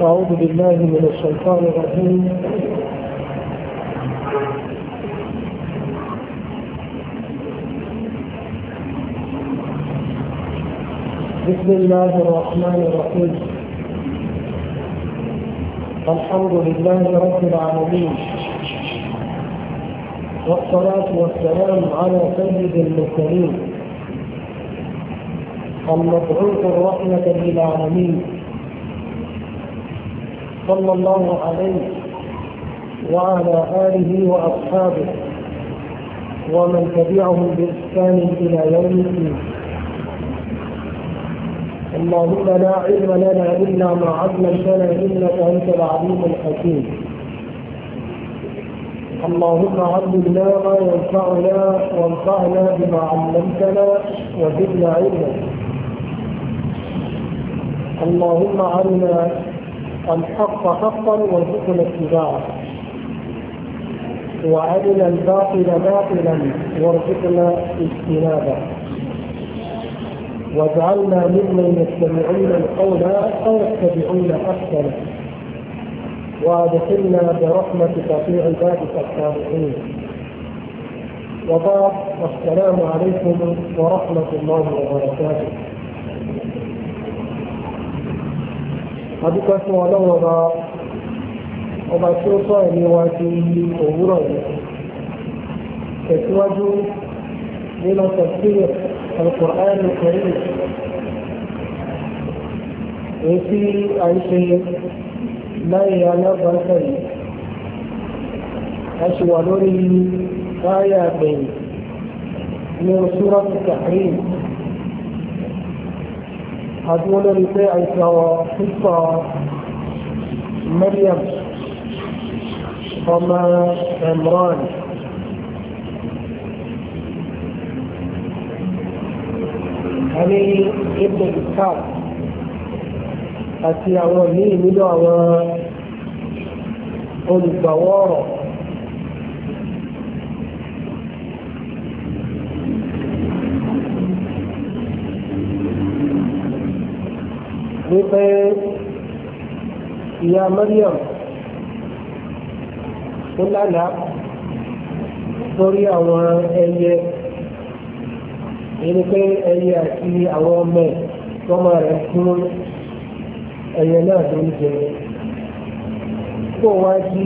أعوذ بالله من الشيطان الرجيم بسم الله الرحمن الرحيم الحمد لله رب العالمين والصلاة والسلام على سيد المرسلين المبعوث الرحمة للعالمين صلى الله عليه وعلى آله وأصحابه ومن تبعهم بإحسان إلى يوم الدين اللهم لا علم لنا إلا ما علمتنا إنك أنت العليم الحكيم اللهم علمنا ما ينفعنا وانفعنا بما علمتنا وزدنا علما اللهم علمنا الحق حقا وارزقنا اتباعه وارنا الباطل باطلا وارزقنا اجتنابه واجعلنا ممن يستمعون القول فيتبعون احسنه وادخلنا برحمتك في عبادك الصالحين وبعد والسلام عليكم ورحمه الله وبركاته adúpẹ́ fún ọlọ́run ọba ọba tí ó sọ ẹ̀mí wa ti òwúrọ̀ yìí tẹ̀síwájú nínú tẹ̀síwájú Al-Qur'an Al-Karim èyí tí a ń ṣe láyé alábàáṣẹ́ yìí a ṣì wà lórí báyà gbẹ̀yìn ní oṣù rọ́pù tàhírì àti wọ́n lórí pé àìsàn pípọ̀ Maryam ọmọ Imran àní ibn ishaq àti àwọn míì àwọn olùgbàwọ́ wípé ìyá Mariam ó lálàá lórí àwọn ẹyẹ èyí pé ẹyẹ àti àwọn ọmọ ẹ̀ tọ́mọ rẹ̀ fún ẹyẹ náà ló ń jẹ kó wá sí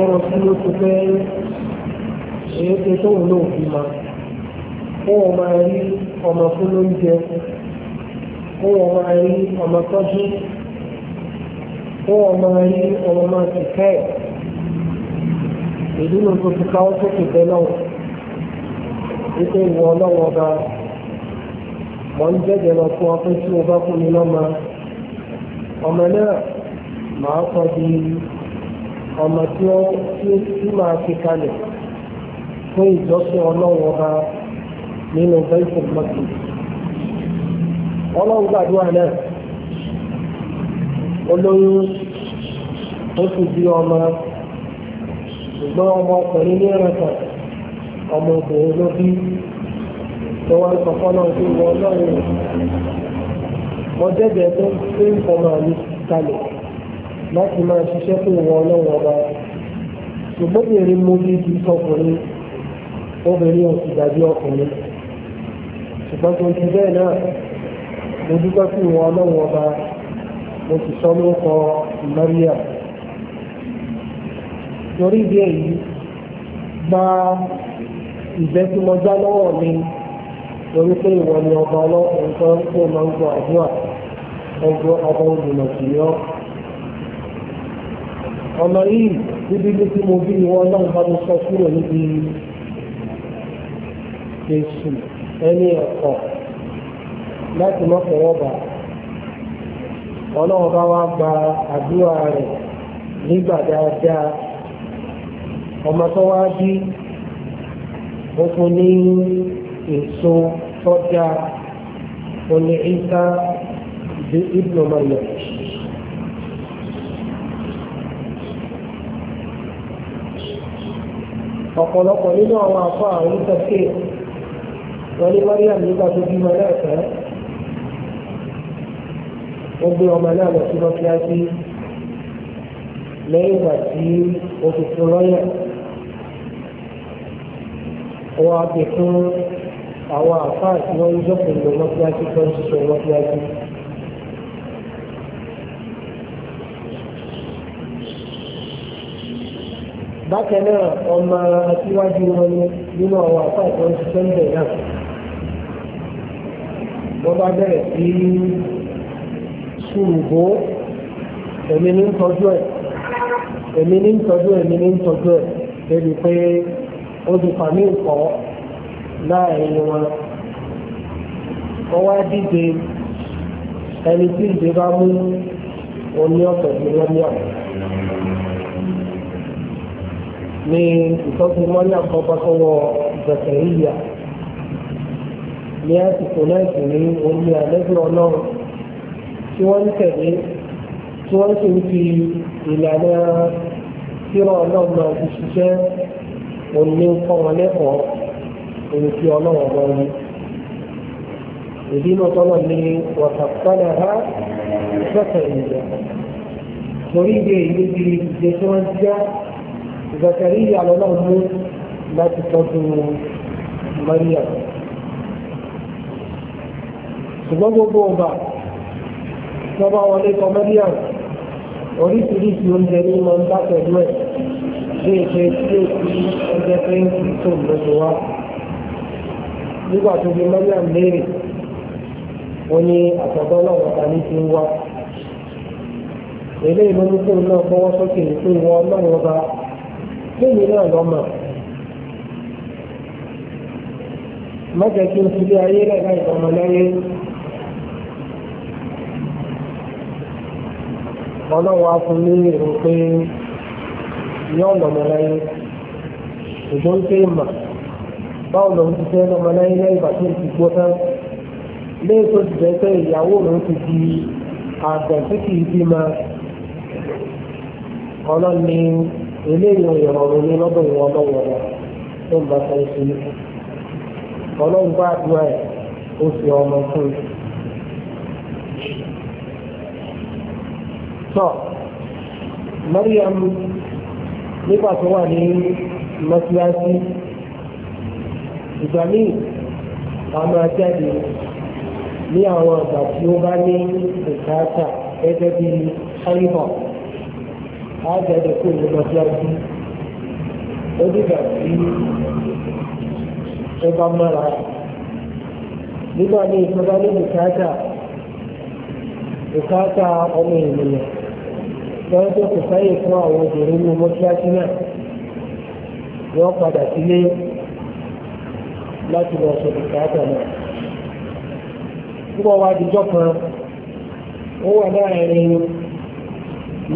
ọ̀rọ̀ tí ó ti pé èyí pé tóun náà fi máa kó máa rí ọmọ fún lóúnjẹ fún. kó wọn máa ọma ọmọ tọ́jú kó wọn máa rí ọmọ máa ti kẹ́ ẹ̀ ìdúró tó ti káwọ́ sókè bẹ́ẹ̀ náà wípé ìwọ ọlọ́wọ́ ọba mọ̀ ń jẹ́jẹ́ lọ fún ọpẹ́ tí o na fún mi lọ́mọ ọmọ náà màá kọ́ di ọmọ tí ó tí ọlọ́run gbàdúrà náà olóyún ó sì di ọmọ ṣùgbọ́n ọmọ ọkùnrin ní ẹ̀rọ̀tàn ọmọ obìnrin ló bí tó wá ń ọlọ́run mo pé mi kalẹ̀ láti máa ṣiṣẹ́ fún ìwọ ọlọ́run ọba ṣùgbọ́n mo dúpẹ́ fún ìwọ ọlọ́run ọba mo sì sọ lórúkọ Maria torí ìdí èyí gba ìbẹ́sùmọ́já lọ́wọ́ mi lórí pé ìwọ ni ọba ọlọ́run tó ń pè máa ń gbọ́ àdúrà ọgbọ́ ọba olùmọ̀ sí yọ. ọ̀nà yìí bíbí ní tí mo bí ìwọ ọlọ́run bá mi sọ kúrò níbi èsù ẹni ẹ̀kọ́. láti mọ́ bà ọlọ́run bá wá gba àdúrà rẹ̀ nígbà dáadáa ọmọ tó wá bí ó fún ní èso tọ́jà oní ìta ibnu Maryam. ọ̀pọ̀lọpọ̀ nínú àwọn afọ àwọn wọ́n gbé ọmọ náà lọ sí mọ́kíláṣí lẹ́yìn ìgbà tí o ti fún lọ́yà wọ́n á fi fún àwọn àfáà tí wọ́n ń jókòó lọ mọ́kíláṣí tó ń ṣiṣẹ́ mọ́kíláṣí. bákan náà ọmọ aṣíwájú wọn ni nínú àwọn àfáà tó ń ṣiṣẹ́ ń bẹ̀ náà wọ́n bá bẹ̀rẹ̀ sí í fi ìbò èmi ní ń tọ́jú ẹ̀ èmi ní ń tọ́jú èmi ní ń tọ́jú ẹ̀ débi pé ó ti fà mí pọ̀ láàrin wọn. wọ́n wá díje ẹni tí ìdè bá mú oní ọ̀sẹ̀ tí wọ́n ní ọ̀sẹ̀. ní ìtọ́jú mọ́lá kọ́kọ́ tó wọ ní àsìkò náà sì ní omi àlejò ọlọ́run tí wọ́n ń tẹ̀lé tí wọ́n sì ń fi ìlànà kíra ọlọ́run náà fi ṣiṣẹ́ òní kọ́ wọn lẹ́kọ̀ọ́ òní fi ọlọ́run ọ̀rọ̀ yìí. ìdínà tọ́lọ̀ ni wàtàkọ́lẹ̀ ha sọ́tẹ̀ ìjà torí ìdí èyí bí ìdíje tí wọ́n já zakari ìyàlọ́ náà mú láti tọ́jú Maria. ṣùgbọ́n gbogbo ọba lọ́ba wọlé comedian oríṣiríṣi oúnjẹ ní mọ̀ ń bá pẹ̀lú ẹ̀ bí èké tí ó ti oúnjẹ pé ń fi tó lọ́dọ̀ wá. nígbà tó fi mẹ́ríà léèrè ó ní àtọ̀dọ́ náà wọ̀ta ní ti ń wá. eléyìí ló ní kóun náà bọ́wọ́ sókè pé ìwọ ọlọ́run ọba lónìí náà lọ́mọ. má jẹ́ kí n fi lé ayé rẹ̀ láì tọmọ lẹ́yìn. ọlọ́run wa fún ní èrò pé yọ lọ́mọláyé ṣùgbọ́n ń mà báwo lòun ti fẹ́ lẹ́yìn ti gbọ́ tán lẹ́yìn tó ti pé ìyàwó òun ti di àgbẹ̀ tí kì í eléyìí lọ́dọ̀ tó ń bá bá ẹ̀ ó fi ọmọ fún tọ́ Mariam nígbà tó wà ní mọ́síláṣí ìgbà míì a máa jáde ní àwọn àgbà tí ó bá ní ìkáàtà gẹ́gẹ́ bí ṣáyíbọ̀ á jáde kó ní mọ́síláṣí ó dìgbà tí ó bá mọ́ra nígbà míì tó bá ní ìkáàtà ìkáàtà ọmọ ènìyàn. lọ́wọ́ tó kò sáyè fún àwọn obìnrin nínú mọ́ṣáláṣí náà wọ́n padà sílé láti lọ sọ̀rọ̀ náà. Púpọ̀ wa àdìjọ́ kan, ó wà láàárín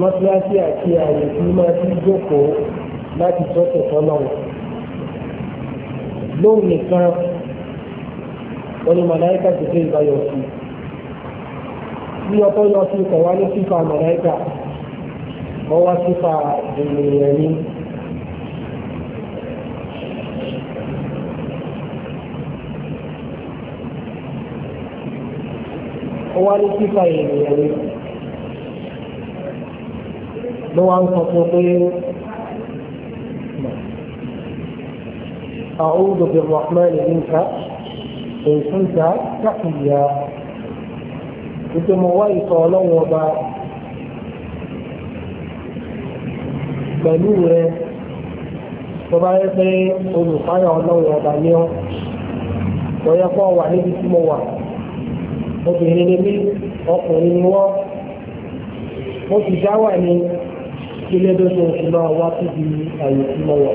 mọ́ṣáláṣí àti àyè tí máa ti jókòó láti sọ́tọ̀ sọ́lọ́wọ́. Lóhùn nìkan, wọ́n ní màláíkà ti dé ìbáyọ̀ sí. Bí ọkọ̀ yọ sí ìkọ̀wá ní fífa wọ́n wá sífà ènìyàn ní. ó wá ní sífà ènìyàn ní. ló wá ń sọ fún pé أعوذ بالرحمن منك إن كنت تقيا. Nítorí mo wá ìtọ̀ pẹ̀lú rẹ tó bá yẹ pé olùkáyọ̀ ọlọ́run ọba ní ọ́ tó yẹ kó wà níbi tí mo wà obìnrin ni mí ọkùnrin ni wọ́n mo sì dá wà ní ilé lóṣù oṣù náà wá síbi àyè tí mo wà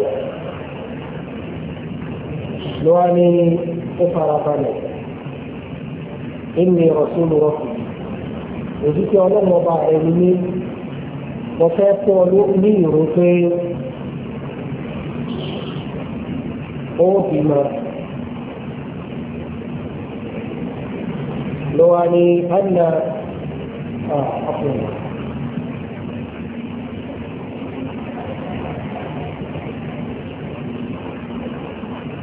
ló wá ọba وتقول لي رفيق أوهما لو أن آه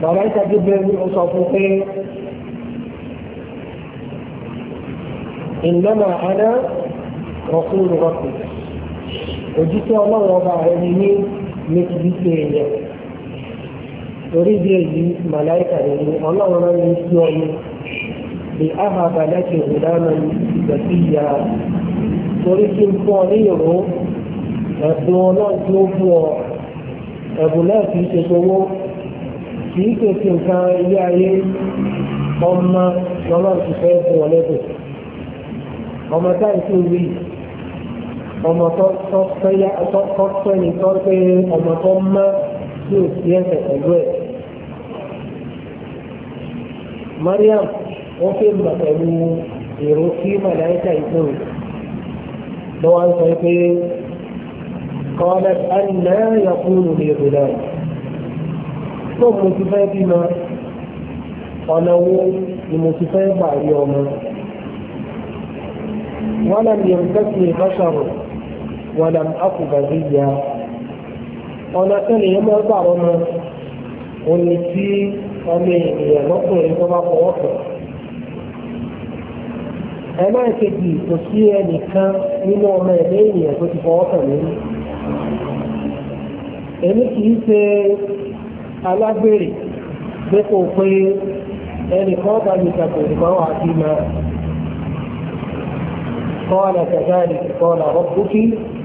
ملائكة جبريل أصفقي إنما أنا رسول ربك òjíṣẹ́ ọlọ́run ọba rẹ ni ní ní kìí ṣe èèyàn torí bí èyí màláìkà rẹ ni ọlọ́run rẹ ní sí ọyún bí áhàbà lẹ́kẹ̀ ìdáná ìgbàsí ìyá torí kí n fún ní ìró ẹ̀bùn ọlọ́run tó fún ọ ẹ̀bùn náà ṣe ṣe nǹkan ilé ayé ọmọ lọ́lọ́run ti fẹ́ fún ọ lẹ́bùn ọmọ táyì tó rí ọmọ tó pẹ́ni tó pé ọmọ tó mọ́ tí ò sí ẹ̀sẹ̀ pẹ̀lú ẹ̀. Mariam ó fi mọ̀ pẹ̀lú èrò tí màláìka ìgbòho lọ́wọ́ ń sọ pé قالت أنا يكون لي غلام ثم تفادي ما قالوا لمتفادي يوما ولم يمسكني بشر ولم أكن بغيا ọ̀nà tẹ́lẹ̀ yẹn máa ń gbà wọn náà òun ni tí ọmọ ènìyàn lọ́kùnrin tó bá fọwọ́ kàn. ẹ máa kejì kò sí ẹnìkan nínú ọmọ ẹ̀dá ènìyàn tó ti fọwọ́ kàn lórí. èmi kì í ṣe alágbèrè dépò pé ẹnìkan bá mi kàtó ìgbà wà sí máa. قال كذلك قال ربك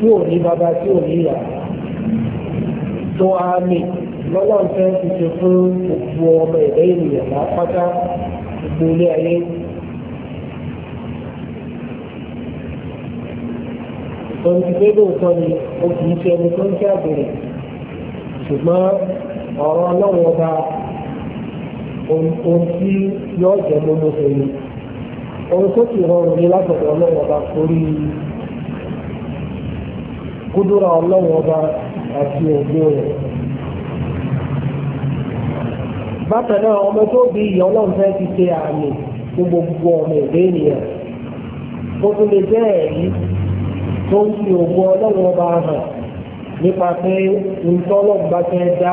tí ò ní bàbá tí ò ní ìyá tó àmì lọ́wọ́ nǹkan ti ṣe fún gbogbo ọmọ ẹ̀dá ènìyàn lápáta gbogbo ilé ayé. Ìtọ́ni ti gbé lóòótọ́ ó kì í ṣe ẹni tó ń jẹ́ àgbèrè ṣùgbọ́n ọ̀rọ̀ ọlọ́run ọba ohun tí yóò jẹ́ mọ́mọ́sẹ̀ ni ohun tó ti rọrùn ní látọ̀dọ̀ ọlọ́run ọba torí kúdúrà ọlọ́run ọba àti ògbó rẹ̀. bákan náà ọmọ tó bí ìyá ọlọ́run fẹ́ ti ṣe àmì fún gbogbo ọmọ ìdè ènìyàn tó tún lè jẹ́ tó ń fi ògbó ọlọ́run ọba hàn nípa pé nǹkan ọlọ́run bá fẹ́ dá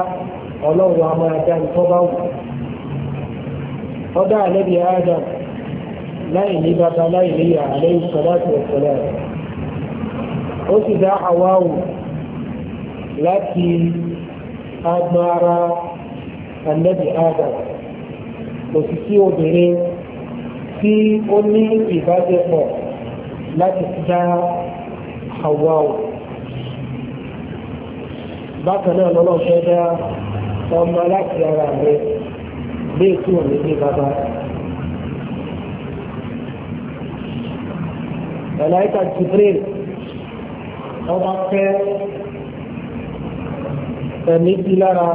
ọlọ́run a máa dá nǹkan bá wù. Adam láì ní bàbá láì ní ìyá àlẹ́ àti ó sì dá àwáwò láti agbára ànábì adam kò sì sí obìnrin tí ó ní ìbáṣepọ̀ láti dá àwáwò bákan náà lọ́nà fẹ́ dá ọmọ láti ara rẹ lé tí ò ní bàbá. Ẹ̀láìka Jibril ọba fẹ́ ẹ̀mí sí lára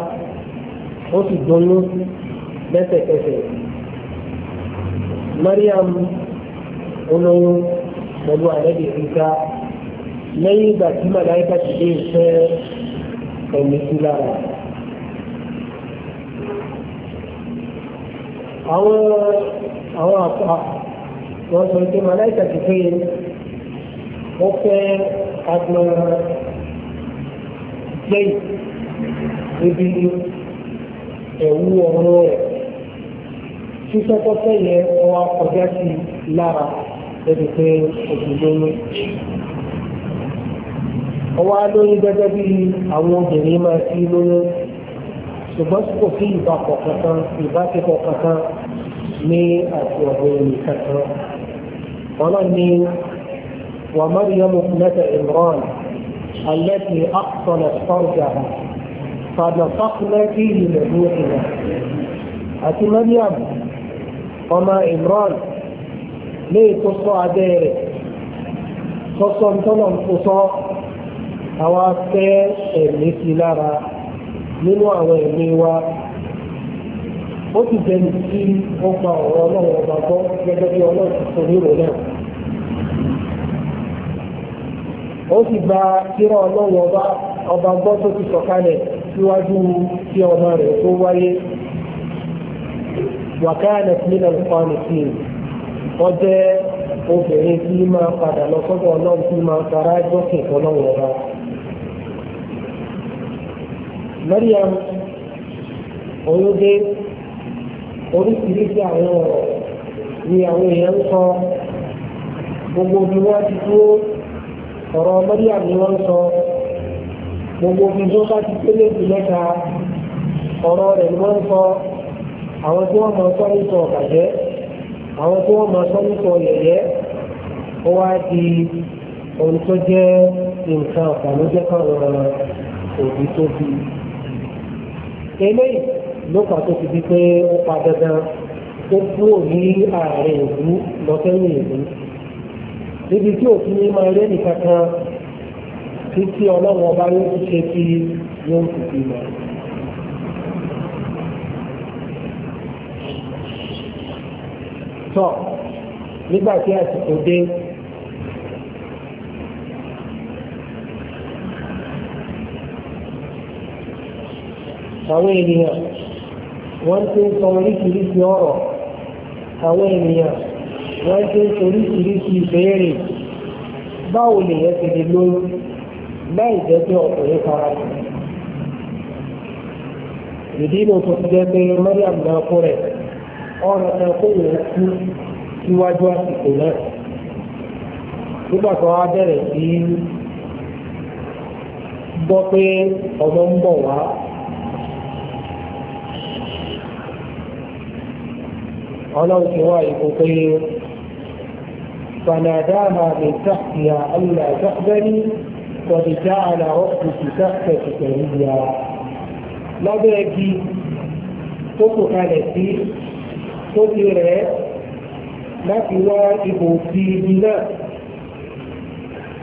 ó sì gbóyún lẹ́sẹ̀kẹsẹ̀ Mariam olóyún pẹ̀lú àlẹ́dẹ̀ ìgbà lẹ́yìn ìgbà tí màláìka ti dé ìfẹ́ ẹ̀mí sí lára. àwọn àwọn àpá wọ́n sọ pé màláìka ti fẹ́ ó fẹ́ agbọn lẹ́yìn níbi ẹ̀wú ọ̀rọ̀ rẹ̀ sísọ́kọ́sẹ́ yẹn ọwọ́ akọjá sí lára lẹ́nu pé òṣèlú ọwọ́ alóyún gẹ́gẹ́ bí àwọn obìnrin máa ti lóyún ṣùgbọ́n kò sí ìbápọ̀ kankan ìbáṣepọ̀ kankan ní ومريم ابنة عمران التي أحصنت فرجها فنفخنا فيه من روحنا أتي مريم وما عمران ليه تصع ديري تصن تنم تصع أواسكي إمنيتي لارا من وعويني ó ti jẹ́ ní kí ó gba ọ̀rọ̀ ọlọ́run ọba ó sì gba kíra ọlọ́run ọba ọba gbọ́ tó ti sọ̀kalẹ̀ síwájú kí ọmọ rẹ̀ tó wáyé wàkàlẹ̀ nílẹ̀ nǹkan nìkan wọ́n jẹ́ obìnrin tí máa padà lọ sọ́dọ̀ ọlọ́run tí Mariam oyóde oríṣiríṣi àwọn ọ̀rọ̀ ni àwọn èèyàn ń sọ gbogbo bí wọ́n ọ̀rọ̀ Mariam ni wọ́n sọ gbogbo omi tó bá ti pélé jù mẹ́ta ọ̀rọ̀ rẹ̀ ni wọ́n sọ àwọn tí wọ́n máa sọ nípa ọ̀bàjẹ́ àwọn tí wọ́n máa sọ nípa ọ̀yẹ̀yẹ́ ó wá di ohun tó jẹ́ nǹkan ọ̀bàlójẹ́ kan lọ́rọ̀ òbí tó bí. eléyìí ló kà tó di pé ó pa dandan ó kúrò ní ààrẹ ìlú lọ ìlú níbi tí òfin ní máa rẹ́ nìkan kan títí ọlọ́run ọba yóò ti ṣe kí yóò ti fi lọ. tọ́ nígbà tí àsìkò dé àwọn ènìyàn wọ́n ti ń sọ oríṣiríṣi ọ̀rọ̀ àwọn ènìyàn. wọ́n ṣe oríṣiríṣi ìbéèrè báwo lèyẹn ti di lóyún láì jẹ́ pé ọkùnrin fara sí i ìdí inú tó ti jẹ́ pé Mariam náà kú rẹ̀ ọ̀rọ̀ náà kó wọ́n kú síwájú àsìkò náà nígbà tó wá bẹ̀rẹ̀ sí gbọ́ pé ọmọ ń bọ̀ wá ọlọ́run ti wá فناداها من تحتها ألا تحزني قد جعل ربك تحتك سريا lábẹ́ ẹbí tó kò kalẹ̀ sí tó ti rẹ̀ láti wá ipò sí ibi náà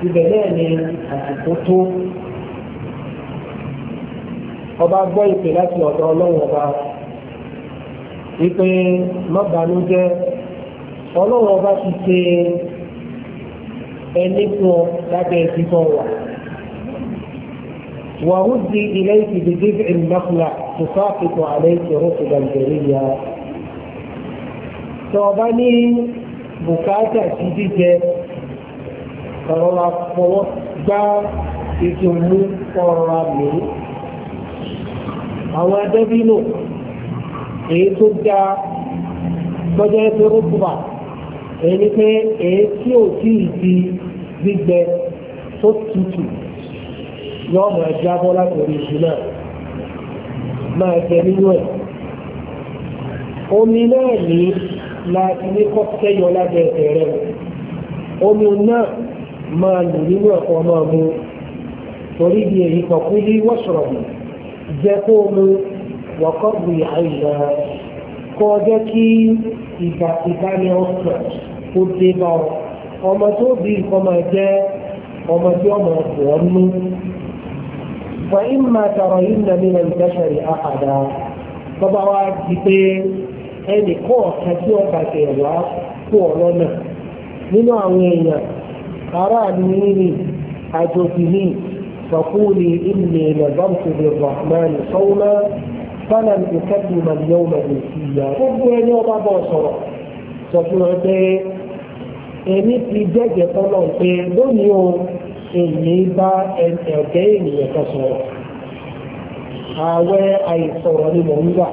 ibẹ̀ náà ni àsìkò tó ọba gbọ́ ìpè láti ọ̀dọ̀ ọlọ́run ọba ìpè má banújẹ́ ọlọ́run ọba ti ṣe ẹni fún ọ lábẹ́ ẹbí tó wà. وهد إليك بجذع النخلة تساقط عليك رطبا جريا تغني بكاتا تجيجي فرولا فوق ìtùnú ọ̀rọ̀ àmì àwọn adẹ́bínú èyí tó dá tọ́jọ́ ẹgbẹ́ rúkúbà èyí pé èyí tí ò tí ì di gbígbẹ tó tutù yọ ọmọ ẹja bọ́ látòrí ìṣú náà máa jẹ nínú ẹ̀ omi náà ní láti ní kọ́kẹ́yọ lábẹ́ ẹ̀sẹ̀ rẹ̀ omi náà máa lò nínú ẹ̀kọ́ máa mu torí di èyí kan kú ní wọ́ṣọ̀rọ̀ jẹ́ kó mu wọ́kọ́ bu ìhà ìlera. kọ́ jẹ́ kí ìgbàkúgbà ni ọ sọ ó dé bá ọ ọmọ tó bí nǹkan máa jẹ́ ọmọ tí ọmọ ọ̀pọ̀ ọ̀nú. فإما ترين من البشر أحدا bàbá wa di pé ẹnì kọ́ ọ̀kan tí bá wá kú nínú àwọn èèyàn aráàlú nínú ní fana ní ìkẹ́kù màlìyà ọmọ rẹ̀ sí ìyá gbogbo ẹni ọba bọ̀ sọ̀rọ̀ sọ fún wọn pé èmi ti jẹ́jẹ́ tọ́lọ̀ pé lónìí o èmi bá ẹ̀gẹ́ ènìyàn kan sọ̀rọ̀ ààwẹ̀ àìsọ̀rọ̀ ni mò ń gbà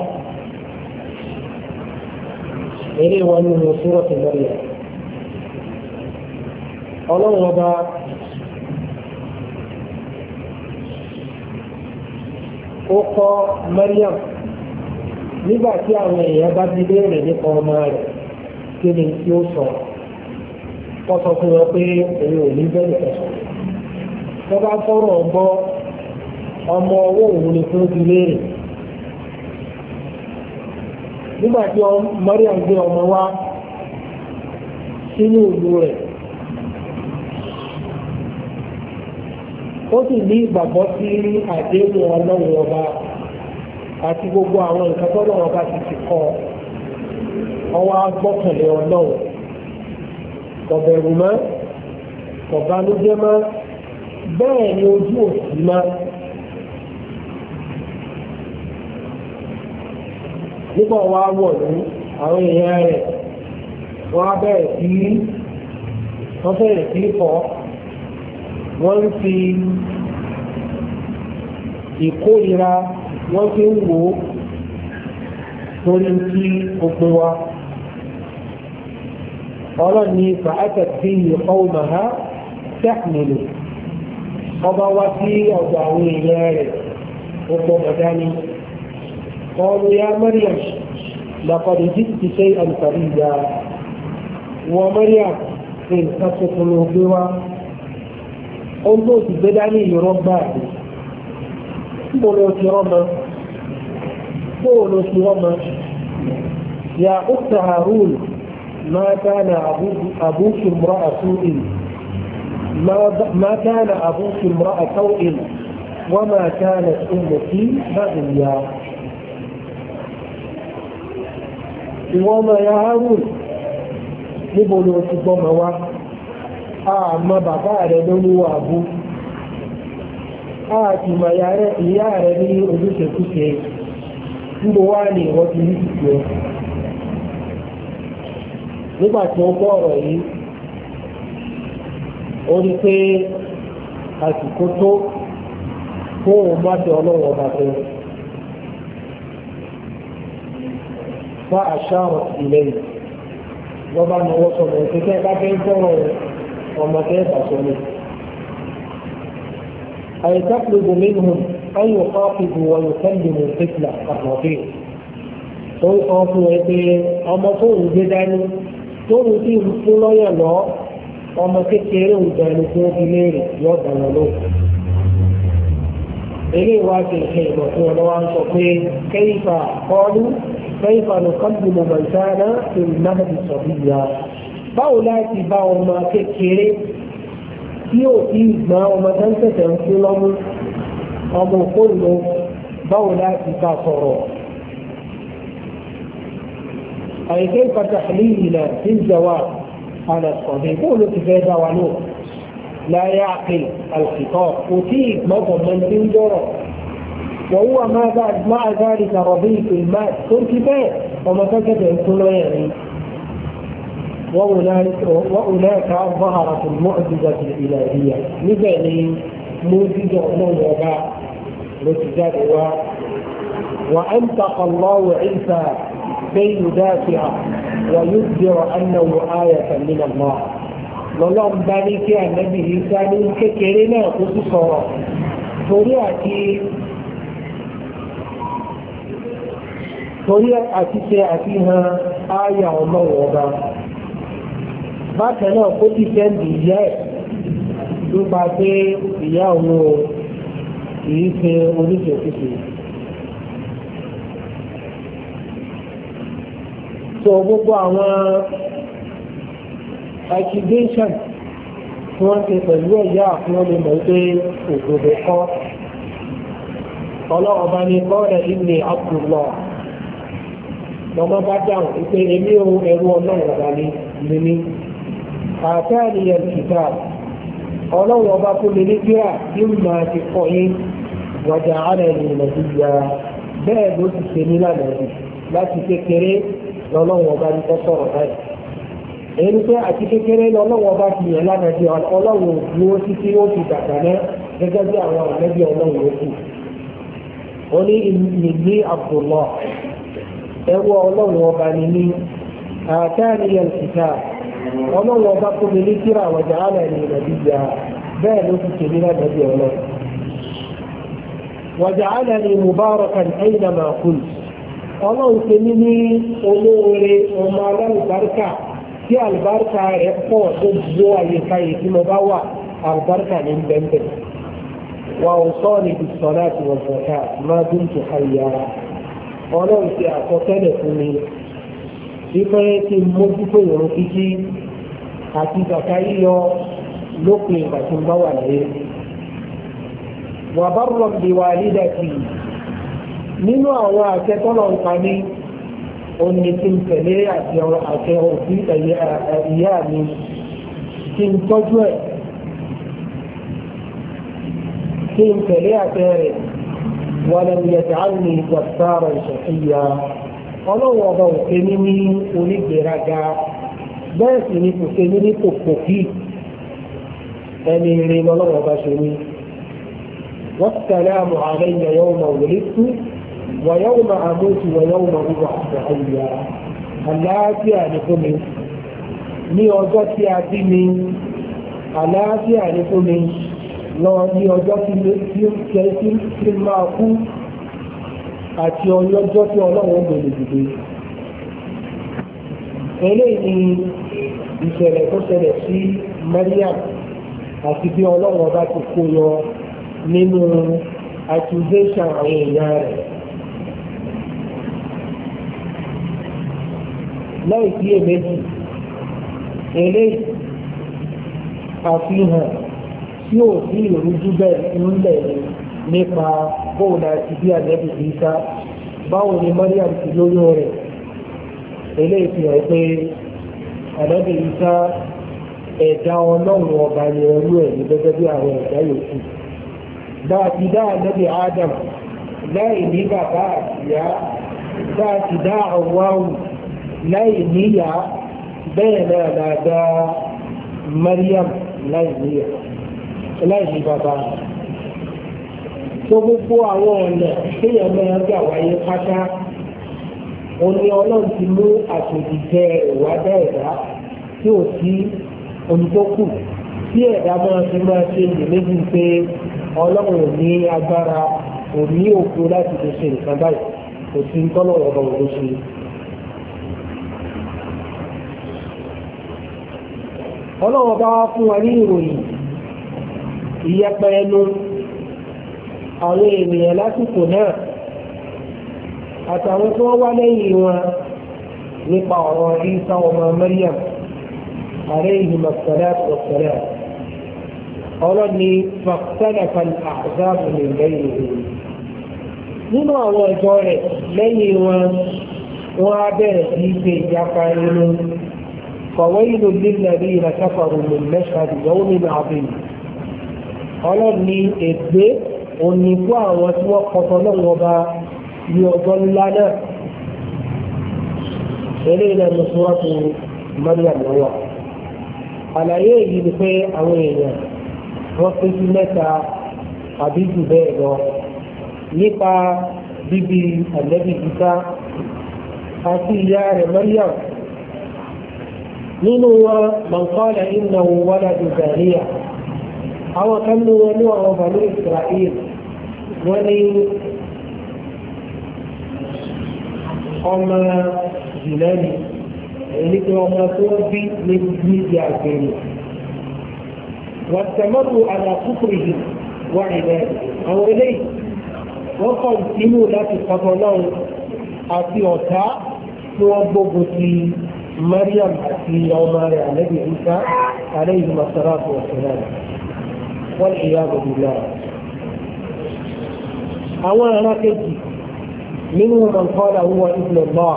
eré wọn nínú sírọ̀tì lọ́rẹ̀ ọlọ́run ọba ó kọ́ Mariam nígbà tí àwọn èèyàn bá ti léèrè nípa ọmọ rẹ̀ kí ni tí ó sọ wọ́n sọ fún wọn pé èmi ò ní bẹ́ẹ̀ kẹsàn wọ́n bá fọ́rọ̀ ọmọ ọwọ́ òun ni fún ti léèrè nígbà tí ó sì ní ìgbàgbọ́ sí àdéhùn ọlọ́run ọba àti gbogbo àwọn nǹkan tó lọ́wọ́ ọba ti ti kọ́ ọwọ́ agbọ́kànlé ọlọ́run kọ̀bẹ̀rù mọ́ bẹ́ẹ̀ ni ojú òsì mọ́. nígbà wa wọ̀ ní àwọn èèyàn rẹ̀ wọ́n á bẹ̀rẹ̀ sí wọ́n ń fi ìkórira wọ́n fi ń wò ó torí tí ó pé wá ọlọ́ni fàátàtí ìkọ́ọ̀mà ha tẹ́kìnìlò ọba wá sí ọ̀dọ̀ àwọn èèyàn rẹ̀ ó pọ̀ mọ̀dání قالوا يا مريم لقد جئت شيئا فريدا ومريم إن تسكنوا بها قلت بدعني لرب قلت رب قلت رب يا أخت هارون ما كان أبوك امرأة سوء ما كان أبوك امرأة سوء وما كانت أمك بغيا وما يا هارون لبلوك ضموا àmọ́ bàbá rẹ̀ ló ní wà bú àti mọ̀ ìyá rẹ̀ ní ojúṣekúṣe níbo wá ní ìwọ́n ti ní ìṣẹ́ nígbà tí ó gbọ́ ọ̀rọ̀ yìí ó ní pé àsìkò tó fóun bá ti ọlọ́wọ́ bá fẹ́ fa àṣà ọ̀sìn lẹ́yìn lọ́ba ni wọ́n sọ̀rọ̀ ìpínlẹ̀ bá fẹ́ gbọ́rọ̀ rẹ̀ ọmọ tẹ́ ìbàṣọ ni. àìsàkùlùbù minhum ayò káàkiri wọn yóò tẹ́lẹ̀ mú fẹ́tìlà àbọ̀dé. ó ń kọ́ fún ẹ pé ọmọ tó ń gbé dání tó ń sì ń fún lọ́yọ̀ lọ ọmọ kékeré ń dání tó fi léèrè yọ̀ọ̀dà wọn lóko eléyìí wá sí ìṣe ìmọ̀ tí ń sọ pé kẹ́yìfà kọ́ọ́lù kẹ́yìfà ló kọ́ọ̀lù mọ̀mọ́tánà tó náà báwo láti bá ọmọ kékeré tí ò tí ì gbọ́n ọmọ tó ń tẹ̀sẹ̀ ń fún lọ́mú ọmọ òkúrò báwo láti bá sọ̀rọ̀. àyíké pàtàkì ìlà tí ń jẹ wá àlà sọ̀dẹ̀ kó ló ti fẹ́ dá wa lò láyé àpè àlùkìkọ́ kò tí ì gbọ́n ọmọ tí ń dọ̀rọ̀. وهو مع ذلك رضيت المال كنت فيه وما فكت الكل يعني وأولئك ظهرت المعجزة الإلهية نزالين موجزة نوغا موجزة وأنتق الله عيسى بين دافع ويذكر أنه آية من الله لولا بانيكي عن نبيه ثاني كيرينا خصوصا تورياتي تورياتي سيأتيها آية الله وبارك bákan náà kó ti fẹ́ di ìyá ẹ̀ nípa pé ìyá òun o kìí ṣe oníṣẹ́kùsù. so gbogbo àwọn accusation tí wọ́n ṣe pẹ̀lú ẹ̀yà àfihàn lè mọ̀ pé òdòdó kọ́ ọlọ́run bá ní kọ́ọ̀dà ilé abdullah lọ́mọ bá dáhùn pé èmi ò ẹrú ọlọ́run ọ̀dà ni mímí. àtàrí ẹ̀kìtà ọlọ́run ọba kó lè ní bíra tí ti kọ́ yín wàjà ara ẹ̀yìn nàìjíríà bẹ́ẹ̀ ló ti ṣe ní lànà yìí láti kékeré lọ́lọ́run ọba ní kọ́sọ̀rọ̀ báyìí. èyí pé àti kékeré lọ́lọ́run ọba ti yàn lànà ni ọlọ́run ọba kó mi ní kíra àwọn jàhálà ní ìrọ̀lẹ́ ìyá bẹ́ẹ̀ ló ti tèmi náà lọ́dí ọlọ́ wàjàhálà ní mubarakan ẹ̀yìnà máa kúlù ọlọ́run tèmi ní olóore ọmọ alálùbáríkà tí àlùbáríkà rẹ̀ pọ̀ tó gbó àyíká yìí tí mo bá wà àlùbáríkà ní bẹ́ẹ̀ وأوصاني بالصلاة والزكاة ما دمت حيا ولو في أقتلتني wípé kí n mójútó ìrun kíkí àti bàtà yíyọ lópin ìgbà tí n bá wà láyé. wà bá rọ̀ bí wà nídà sí i nínú àwọn àṣẹ tọ́lọ̀ ń pa ní òní kí n tẹ̀lé àti àṣẹ òbí ìyá mi kí n tọ́jú ẹ̀ kí n tẹ̀lé àṣẹ rẹ̀ wà lẹ́nu yẹ̀dá ní gbàtàrà ìṣàkíyà ọlọ́run ọba ò ṣe mí ní onígbèéraga bẹ́ẹ̀ sì ni kò ṣe mí ní kòkòkì ẹni rí lọ́lọ́run ọba ṣe mí. والسلام علي يوم ولدت ويوم أموت ويوم أبعث حيا àlàáfíà ni fún mi ní ọjọ́ tí a bí mi àlàáfíà ni fún mi lọ ní ọjọ́ tí mo máa kú àti ọlọ́jọ́ tí ọlọ́run gbèrè dìde eléyìí ni ìṣẹ̀lẹ̀ tó ṣẹlẹ̀ sí Mariam àti bí ọlọ́run ọba ti kó yọ nínú accusation àwọn èèyàn rẹ̀. láì sí èméjì eléyìí àfihàn tí ò sí ìrújú bẹ́ẹ̀ ń bẹ̀ nípa bóun àti bí ànábì Ìsá báwo ni Mariam ti lóyún rẹ̀ eléyìí fi hàn pé ànábì Ìsá ẹ̀dá ọlọ́run ọba ni ẹrú ẹ̀ ní gẹ́gẹ́ bí àwọn ẹ̀dá yòókù bá a ti dá ànábì Adam láì ní bàbá àtìyá bá ti dá àwòrán láì níyà bẹ́ẹ̀ náà dáadáa Mariam láì níyà láì ní bàbá àtìyá tó gbogbo àwọn ọ̀nà téèyàn máa gbà wáyé pátá ó ní ọlọ́run ti mú àtòjì jẹ ìwà dá ẹ̀dá tí ò sí olùkókù tí ẹ̀dá máa fi máa ṣe ìdílébù pé ọlọ́run ò ní agbára ò ní òkú láti lè ṣe nǹkan báyìí kò sí ń tọ́lọ̀ ọ̀rọ̀ òun ṣe. ọlọ́run bá wá fún wa ní ìròyìn ìyẹpẹ ẹnu àwọn ènìyàn lásìkò náà àtàwọn tó wá lẹ́yìn wọn nípa ọ̀rọ̀ Ìsá ọmọ Maryam alayhi as-salatu was-salam ọlọ́ni fàkítàlẹ̀fà àzáàbù ní lẹ́yìn rẹ̀ nínú àwọn ọjọ́ rẹ̀ lẹ́yìn wọn wọ́n á bẹ̀rẹ̀ sí í ṣe ìyapa inú فويل للذين كفروا من مشهد يوم عظيم ọlọ́run ní ègbé òní fún àwọn tí wọ́n kọ́tọ́ lọ́wọ́ ọba ní ọjọ́ ńlá náà eré ilẹ̀ mùsùlùmí Mariam lọ́wọ́ àlàyé yìí ni pé àwọn èèyàn wọ́n pín sí mẹ́ta àbí jù bẹ́ẹ̀ lọ nípa bíbí àlẹ́bí ìta àti ìyá rẹ̀ Mariam nínú wọn mọ̀nkọ́lẹ̀ ìnáwó wọ́lá ìgbàlíyà àwọn kan ní wọn ní àwọn bàlú Israel wọ́n ní ọmọ jùlọ ni èyí tó ọmọ tó ń bí níbi àgbèrè wọ́n tẹ̀mọ́tò àlàkùkùrì yìí wọ́n rìn lẹ́yìn àwọn eléyìí wọ́n kọ̀ nínú láti kọ́tọ̀ náà àti ọ̀tá tí wọ́n gbógun ti Mariam àti ọmọ rẹ̀ àlẹ́bí Isa àlẹ́yìn masalatu ọ̀sẹ̀ náà wọ́n ìyá àbòdì náà àwọn ará kejì nínú wọn kọ́ la wúwa ìfúnná náà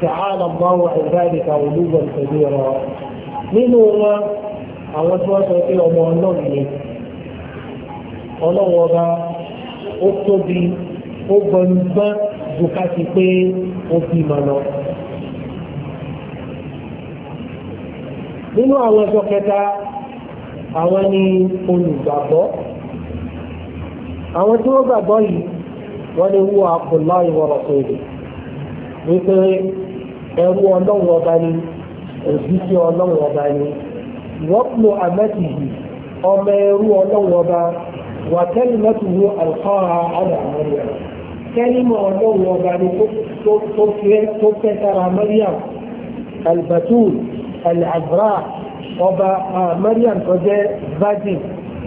tààlà máa wà ìbáyìí ká olúwa ìfẹ̀lú rọ nínú wọn àwọn tí wọ́n sọ pé ọmọ ọlọ́run ni ọlọ́run ọba ó tóbi ó gbọ̀ngbọ́n bùkátì pé ó fi mọ̀ lọ. nínú àwọn ẹ̀sọ́ kẹta àwọn ni olùgbàgbọ́ àwọn tí wọ́n gbàgbọ́ yìí wọ́n lè wú Abdullahi wa Rasuluhu wípé ẹrú ọlọ́run ọba ni òbísí ọlọ́run ọba ni wọ́n lo àmẹ́tì yìí ọmọ ẹrú ọlọ́run ọba wà tẹ́lẹ̀ mẹ́tìwó àlùkọ́ra àdà mẹ́rìàm kẹ́límọ̀ ọlọ́run ọba ni tó fẹ́ sára mẹ́rìàm albatul alabra ọba ah, mẹ́rìàm tó jẹ́ virgin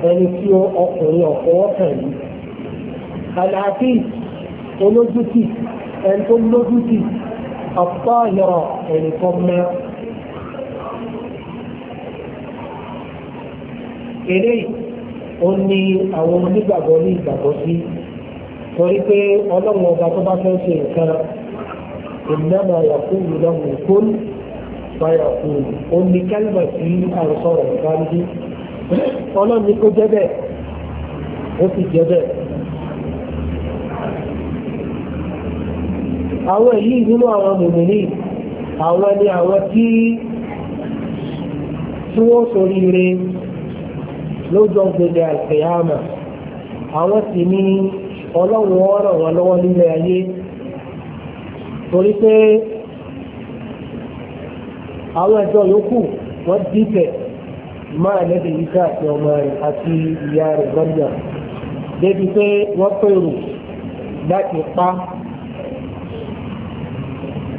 ẹni tí ọkùnrin ọ̀pọ̀ wọ́pẹ̀ yìí àlàáfíì olójútì ẹni tó lójútì ọ̀pọ̀ ìyọ̀rọ̀ ẹ̀nìkan mọ́. eré ó ní àwọn onígbàgbọ́ ní ìgbàgbọ́ sí torí pé ọlọ́run ọba tó bá fẹ́ ṣe nǹkan ìnáma yàkúlù lọ́hùn kún fàyàkúlù ó ní kálímà sí àrùsọ̀rọ̀ ìbáraẹni ọlọ́run ní kó jẹ́ bẹ́ẹ̀ ó sì jẹ́ àwọn èyí nínú àwọn mùmìnì àwọn ni àwọn tí tí wọ́n sọrí ire lójọ́ gbèdé àìsèyàmà àwọn sì ní ọlọ́run ọ̀rọ̀ wọn lọ́wọ́ nílẹ̀ ayé torí pé àwọn ẹ̀jọ́ yòókù wọ́n dìtẹ̀ máa lẹ́bi ìka àti ọmọ rẹ̀ àti ìyá rẹ̀ gbọ́dọ̀ débi pé wọ́n pèrò láti pa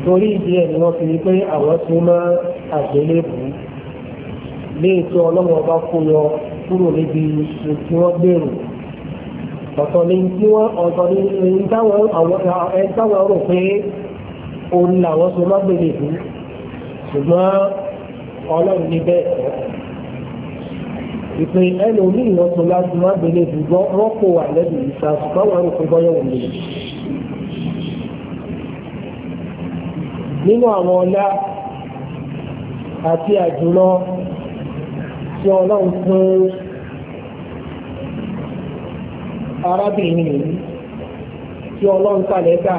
torí ìdí ẹ̀ ni wọ́n fi pé àwọn ti máa àgbélébù léètò ọlọ́run ọba kó yọ kúrò níbi tí wọ́n gbèrò ọ̀tọ̀ ni tí wọ́n ọ̀tọ̀ ni ẹni táwọn rò pé òun làwọn so má gbélébù ṣùgbọ́n ọlọ́run ní bẹ́ẹ̀ kọ́ ìpè ẹlòmíì wọn so má gbélébù rọ́pò àlẹ́bí ìsàkùn báwọn rò pé bọ́yọ̀ wò lè. nínú àwọn ọlá àti àjùlọ tí ọlọ́run fún arábìnrin yìí tí ọlọ́run kalẹ̀ gbà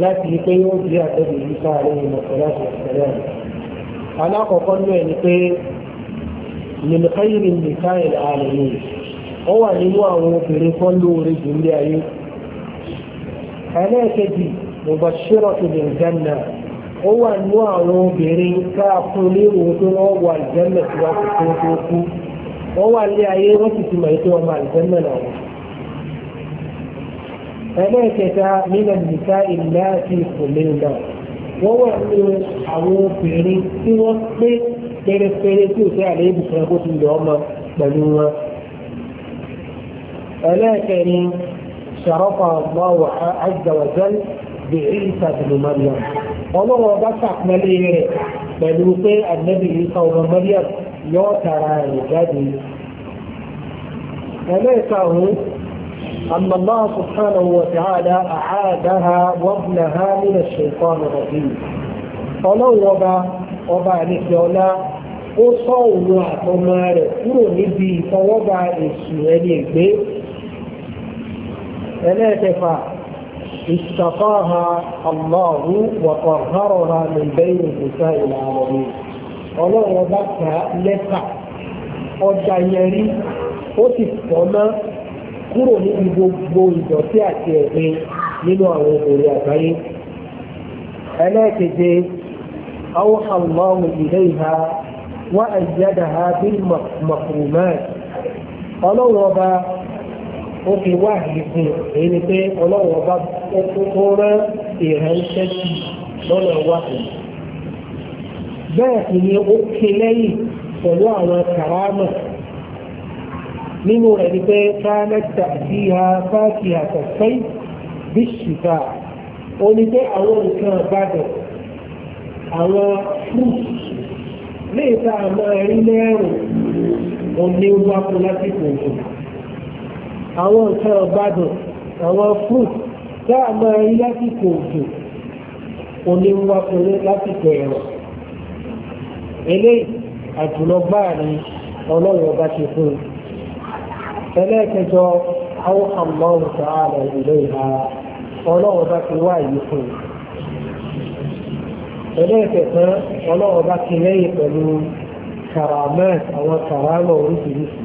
láti pé yóò di àtẹ̀lé yìí sáré ìmọ̀tẹ́lá ìmọ̀tẹ́lá. alákọ̀ọ́kọ́ nú ẹ̀ pé nìmọ̀káyìrì nìkan ẹ̀ ààrẹ ni ó wà nínú àwọn obìnrin kan lóore jù ní ayé. mubashiratu bil janna ó wà nínú àwọn obìnrin tá a fún ní ìròyìn pé wọ́n wà àlùjẹ́nà tí wọ́n kò tó tó kú wọ́n wà lé ayé wọ́n sì ti mọ̀ ètò ọmọ àlùjẹ́nà náà wọ́n. ẹlẹ́ẹ̀kẹta nínú ìdíkà ìlà àti ìkòlé náà wọ́n wà nínú àwọn obìnrin tí wọ́n pé pérépéré tí ò sí àléébù kan ti lọ ọmọ pẹ̀lú wọn. ẹlẹ́ẹ̀kẹrin ṣàrọ́pàá ọgbà wà á àjẹwàjẹ́lì bí Ìsá bìnnú Mariam ọlọ́wọ́ bá sàpẹ́lẹ̀ rẹ̀ pẹ̀lú pé ànábì Ìsá ọmọ Mariam yóò tara rẹ̀ jáde. ẹlẹ́ẹ̀karùn-ún أما الله سبحانه وتعالى أعادها وابنها من الشيطان الرجيم فلو وضع وضع نفيولا ó sọ òun àtọmọ rẹ̀ kúrò níbi ìfọwọ́ba èsù ẹni ìgbé ẹlẹ́ẹ̀kẹfà استقاها الله وطهرها من بين نساء العالمين ọlọ́run ọba ta lẹ́tà ọjà yẹn rí ó sì fọ́nà kúrò níbi gbogbo ìdọ̀tí àti ẹ̀gbin nínú àwọn obìnrin àgbáyé ẹlẹ́ẹ̀keje awúhà lọ́wọ́ ilé ìhà wọ́n ẹ̀yẹ́dà ha bí mọ̀kùnmọ́ ọlọ́run ọba ó fi wá ìgbìn èyí ni pé ọlọ́run ọba ó rán ìránṣẹ́ sí lọ́nà wà fún un bẹ́ẹ̀ sì ni ó ké lẹ́yìn pẹ̀lú àwọn kàrámà nínú rẹ̀ ni pé káàmẹ́ta sí ha fáàkì àtọ̀fẹ́ bí ṣìkà ó ní pé àwọn nǹkan àbádọ̀ àwọn fruit léè tá a lẹ́rùn òní wákú lásìkò òṣùpá àwọn nǹkan ọ̀gbádùn àwọn fruit tá a máa rí lásìkò òjò òní ń wá pẹ̀lú lásìkò ẹ̀rọ eléyìí àjùlọ ni ọlọ́run ọba fún un ẹlẹ́ẹ̀kẹjọ àwọn àmọ́rùn sàárà ìlú ìhà ọlọ́run bá ti wá yìí fún un ẹlẹ́ẹ̀kẹsàn ọlọ́run ti lẹ́yìn pẹ̀lú kàràmẹ́ àwọn kàràmọ́ oríṣiríṣi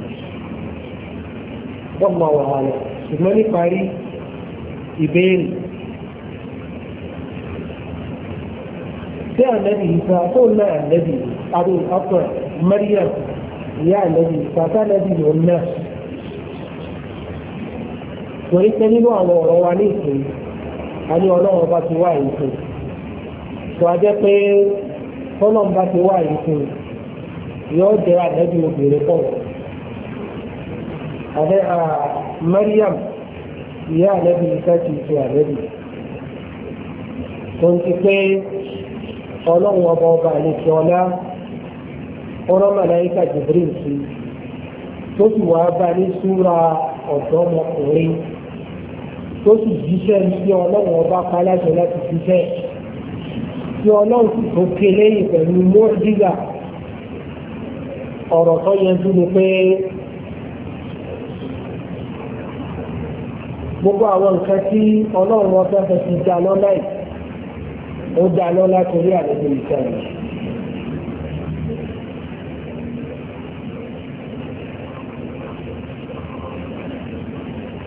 wọ́pọ̀ wàhálà ṣùgbọ́n níparí ìbéèrè tí ànábì ìsá tó ná ànábì àrò àpọ̀ Maryam ìyá ànábì ìsá tánàbì ló ná torí pé nínú àwọn ọ̀rọ̀ wa ní ìsìn a ọlọ́run bá ti wá ìsìn tó a jẹ́ pé ọlọ́run bá ti wá ìsìn yóò jẹ́ ànábì obìnrin pọ̀ Maryam ìyá àlẹ́bí ìsáàtì ìfẹ́ àlẹ́bí tó ń ti pé ọlọ́run ọba ọba àlejò ọlá ọ̀rọ̀ màláìka Jibril sí tó sì wá bá ní súra ọ̀dọ́mọkùnrin tó sì jíṣẹ́ sí ọlọ́run ọba paláṣẹ láti jíṣẹ́ tí ọlọ́run sì tó ké lẹ́yìn pẹ̀lú mọ́ọ́dígà ọ̀rọ̀ tó yẹn dúró pé gbogbo àwọn nǹkan tí ọlọ́run ọba fẹ́ fi dá ó dá lọ́lá àdúgbò ìsẹ̀yìn.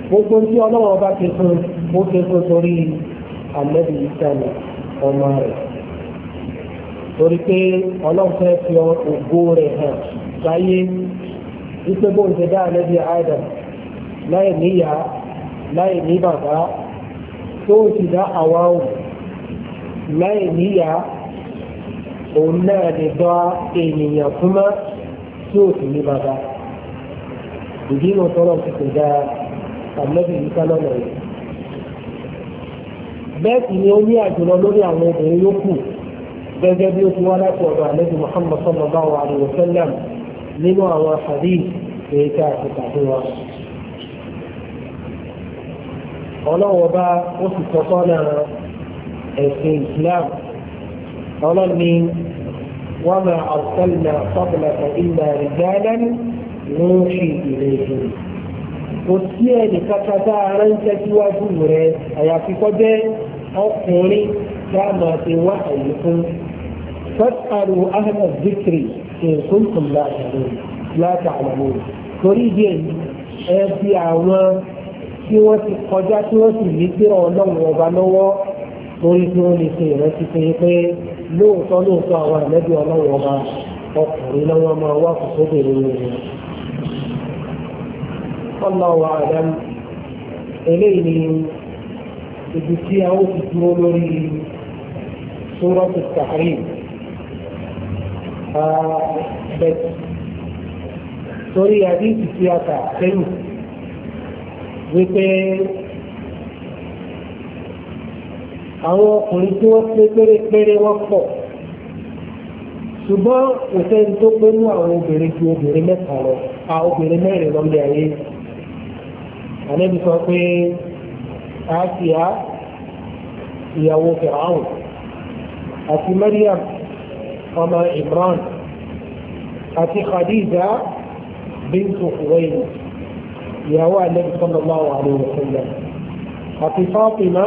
gbogbo tí ọlọ́run ọba ti fún ó ti fún torí àmẹ́bí ìsẹ̀yìn ọmọ rẹ̀ torí pé ọlọ́run fẹ́ fi ògo rẹ̀ hàn láyé wípé bóun ti dá àádọ́ láì níyàá. láì ní bàbá tó ti dá àwa ò láì níyà òun náà lè dá ènìyàn kúmá tí ó sì ní bàbá ìdí ìwọ̀n tọ́lọ̀ ti kò dá àmọ́bí yìí ká lọ́nà yìí bẹ́ẹ̀ sì ni ó ní àjùlọ lórí àwọn obìnrin yòókù gẹ́gẹ́ bí ó ti wá láti ọ̀dọ̀ àlejò Muhammad sallallahu alaihi wa sallam nínú àwọn hadith èyí tá tàbí wọn. ọlọ́wọ́ bá ó sì tọ́sọ́nà ẹ̀sìn islam ọlọ́ni wọ́n máa àwùsọ́lùmọ̀ sọ́bùlọ̀kà ìlà ìgbàdán lóṣì ìrètò kò sí ẹnì kankan tá a síwájú rẹ̀ àyàfi kọjá ọkùnrin tá a máa fi wá àyè fún fẹ́tàlù ahmed zikri nǹkan tó ń bá àtàlù látàlù torí díẹ̀ ẹ fi àwọn tí wọ́n ti kọjá tí wọ́n sì ní gbé ọlọ́run ọba lọ́wọ́ torí tí wọ́n lè ṣe ìrántí fún yín pé lóòótọ́ lóòótọ́ àwọn àlẹ́bí ọlọ́run ọba ọkùnrin náà wọ́n máa wá kó sóbèrè rẹ̀. Allahu a'lam eléyìí ni ibi tí a ó ti dúró lórí Suratul Tahrim. Ah, torí àdéhùn tí a kà sẹ́yìn wípé àwọn ọkùnrin tí wọ́n pé pérépéré wọ́n pọ̀ ṣùgbọ́n òṣèlú tó pé mú àwọn obìnrin ju obìnrin mẹ́ta lọ àwọn obìnrin mẹ́rin lọ́mọdé ayé àlẹ́bí sọ pé àásìá ìyàwó fìràwùn àti Maryam ọmọ Imran àti Khadija bíntu Khuwaylid ìyàwó àlẹ́bí sallallahu alaihi wa sallam àti Fátímà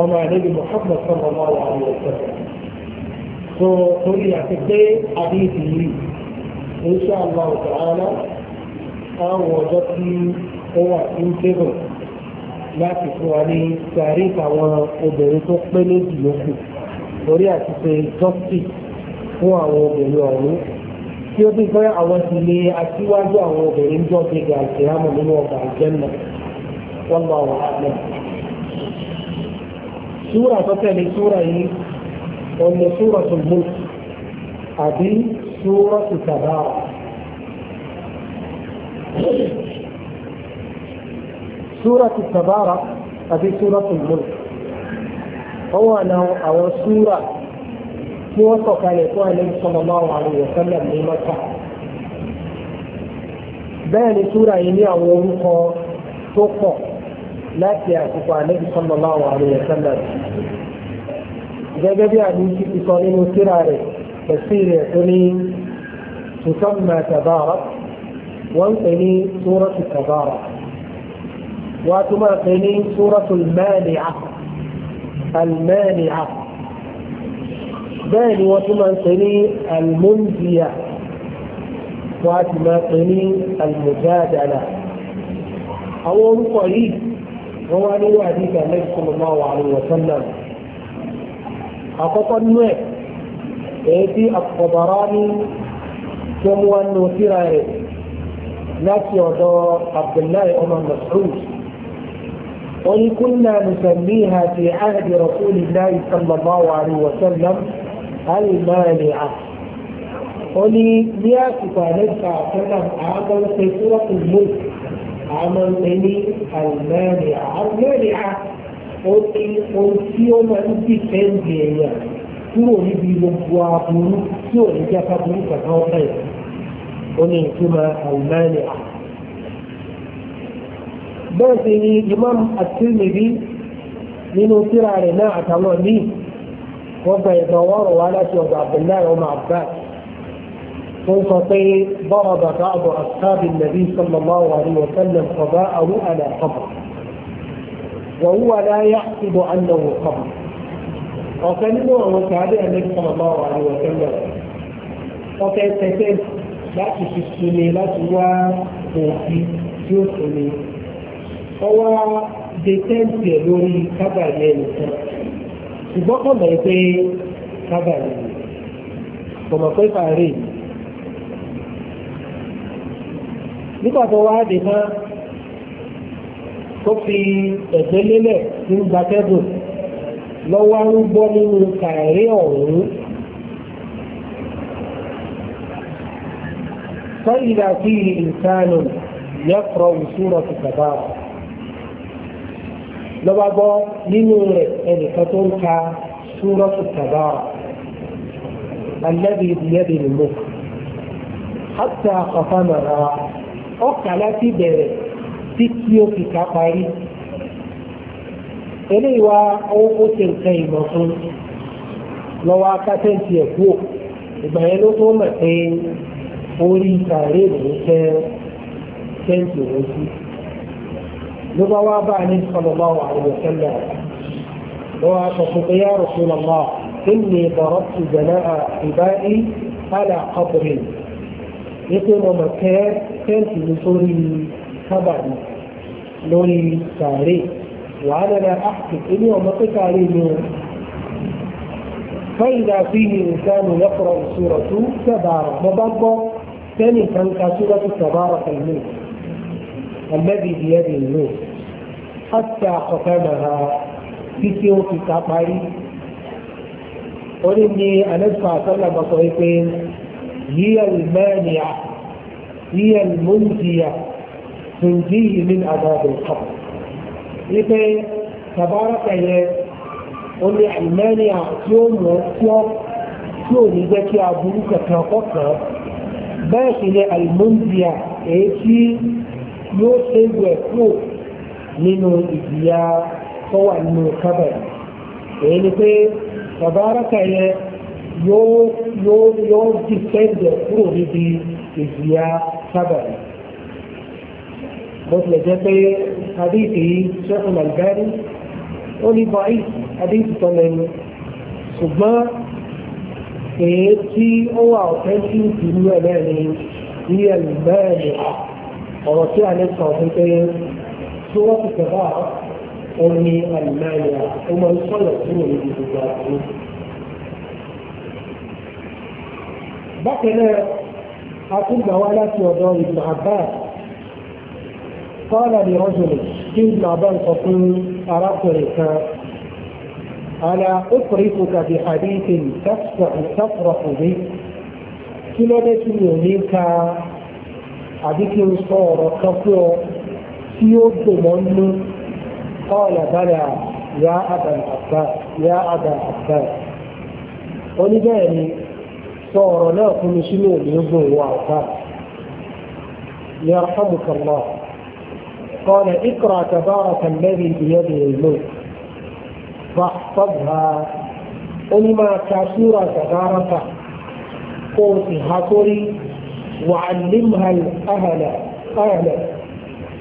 ọmọ àlẹ́bí Muhammad sallallahu alaihi wa sallam tó torí àti pé àdéhìí yìí insha Allah ta'ala àwọn ọjọ́ tí ó wà ní tébùl láti fún wa ní sàárì àwọn obìnrin tó pé méjì lókù torí àti pé justice fún àwọn obìnrin ọ̀hún tí ó ti fẹ́ àwọn ti lé aṣíwájú àwọn obìnrin jọ ti gbà ìṣèhámọ̀ nínú ọgbà ìjẹ́nà wọ́n lọ àwọn àgbẹ̀. Súra tó tẹ̀lé súra yìí, òun súra tó mú àbí súra tó tàbá. Súra tó tàbá àbí súra tó mú. Ó wà àwọn súra. موفق على اطاعه النبي صلى الله عليه وسلم لما مكة. بان سوره يميع ورقه توقع لا تعتق على النبي صلى الله عليه وسلم. اذا جاب يعني في صالين وسراري تسير يعتني تسمى تبارك وانقني سوره التبارك. وتما قني سوره المانعه. المانعه. بل وطمأنيني المنجية وطمأنيني المجادلة أول قريب هو أن يؤديك النبي صلى الله عليه وسلم أقطع النوات إيتي أقبراني كم ونوثير عليك نفسي ودور عبد الله أمام المسعود وإن كنا نسميها في عهد رسول الله صلى الله عليه وسلم المانعة قولي ليا كتابك فلم أعمل في سورة الملك عمل مني المانعة المانعة قولي قولي يوم أنت فين بيا kúrò níbi gbogbo aburú tí ò ní jẹ́ káburú kankan ọ̀fẹ́ yìí ó ní ìtumọ̀ àlùmáàlìà. bẹ́ẹ̀ sì ni imam àtìrìmìbí nínú tírà rẹ̀ náà àtàwọn míì وسيتواروا على سيد عبد الله ومع عباس سلطتين ضرب بعض أصحاب النبي صلى الله عليه وسلم قضاءه على قبر وهو لا يحسب أنه قبر وكانوا وكابع النبي صلى الله عليه وسلم وكان تسل لا تشتني لا توا بوكي تشتني هو ديتنسي لوري كبر يعني ṣùgbọ́n kọ̀ mọ̀ pé kábà ni kò mọ̀ pé fàárì nígbà tó wá dé náà tó fi ẹ̀gbẹ́ lélẹ̀ tí ń gba tẹ́bùn lọ́wọ́ ń gbọ́ nínú kàrí ọ̀hún. فإذا فيه إنسان يقرأ سورة التبارك lọ́ba gbọ́ nínú rẹ̀ ẹnìkan tó ń ka súrọ́tù tàbára alẹ́bí ìdíyẹ́bí nìmú hátà ọ̀fánàrà ọkà láti bẹ̀rẹ̀ tí kí ó fi ká parí eléyìí wá ó ṣe nǹkan ìmọ̀ fún lọ́wọ́ akátẹ́ǹtì ẹ̀ kú ìgbà yẹn ló tó mọ̀ pé orí ìtàrí ìròyìn tẹ́ tẹ́ǹtì òun sí. لضواب عليه صلى الله عليه وسلم وقلت يا رسول الله إني ضربت جناء عبائي على قبر يقول مكان كان في نصور خبر نوري ساري وأنا لا احسب إني ومكت عليه نور فإذا فيه إنسان يقرأ سورة تبارك مبابا كان كان سورة تبارك الملك الذي بيده النور حتى ختمها títí ó fi ká parí ó ní ní anẹ́fà sọ́làmà sọ wípé yíyàl mẹ́rìnà yíyàl múndìyà tùǹdí ìlú àgbàdo kan wípé tàbáraka yẹ ó ní àlùmẹ́rìnà tí ó mọ̀ tí ó tí ò ní jẹ́ kí aburú kankan kọ̀ọ̀kan bẹ́ẹ̀ sì ni àlùmúndìyà èyí tí yóò ṣe ìwẹ̀ kúrò nínú ìjìyà tó wà nínú kábẹ̀. èyí ni pé tàbáraka yẹn yóò yóò yóò di sẹ́ǹdẹ̀ kúrò níbi ìjìyà kábẹ̀. bó tilẹ̀ jẹ́ pé àdéhìí sẹ́kùn àlùbárí ó ní bọ́ọ̀ì àdéhìí tó lẹ́nu ṣùgbọ́n èyí tí ó wà ọ̀tẹ́ńtì ìlú ẹ̀rẹ́ ni ní ẹ̀lùbẹ́ẹ̀lì àti ọ̀rọ̀ tí a lè sọ fún pé tí wọ́n ti tẹ̀lá ó ní àlùmáyà ó máa ń sọ̀rọ̀ sí òun ní gbogbo àgbáyé. bákan náà a tún gbà wá láti ọ̀dọ̀ ìgbà àbá kọ́ọ̀lá ni wọ́n ṣẹlẹ̀ kí ìgbà àbá ń sọ fún arákùnrin kan على أطرفك بحديث تفرح به كيلو ده كيلو àbí kí n sọ ọ̀rọ̀ kan fún ọ tí ó dùnmọ́ nú ọ̀là bàrà yá àbà àbà yá àbà àbà oníbẹ̀rẹ̀ ni sọ ọ̀rọ̀ náà fún mi sínú òmìnirin wọ àbà يرحمك الله قال اقرأ تبارك الذي بيده الملك فاحفظها أنما كسورة تبارك قوتها سوري وعلمها الأهل أهلك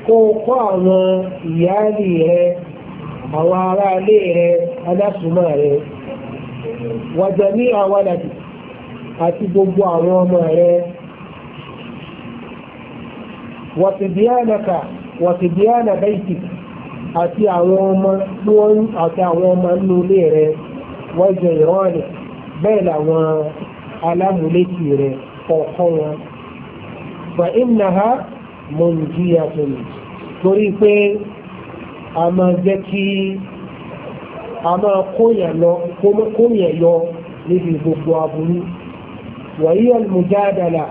kó kọ́ àwọn ìyáàlì rẹ àwọn ará ilé rẹ alásùmọ̀ rẹ wàjà ní àwọn àti àti gbogbo àwọn ọmọ rẹ wàtìbíánàkà wàtìbíánà bẹ́ẹ̀kì àti àwọn ọmọ tí wọ́n àti àwọn ọmọ nínú ilé rẹ wọ́n jẹ ìrọ́ọ̀nì bẹ́ẹ̀ làwọn alámúlétì rẹ kọ̀ọ̀kan wọn. فإنها منجية torí pé a máa jẹ́ kí a máa kóyàn yọ níbi gbogbo aburú wàyí al-mujadala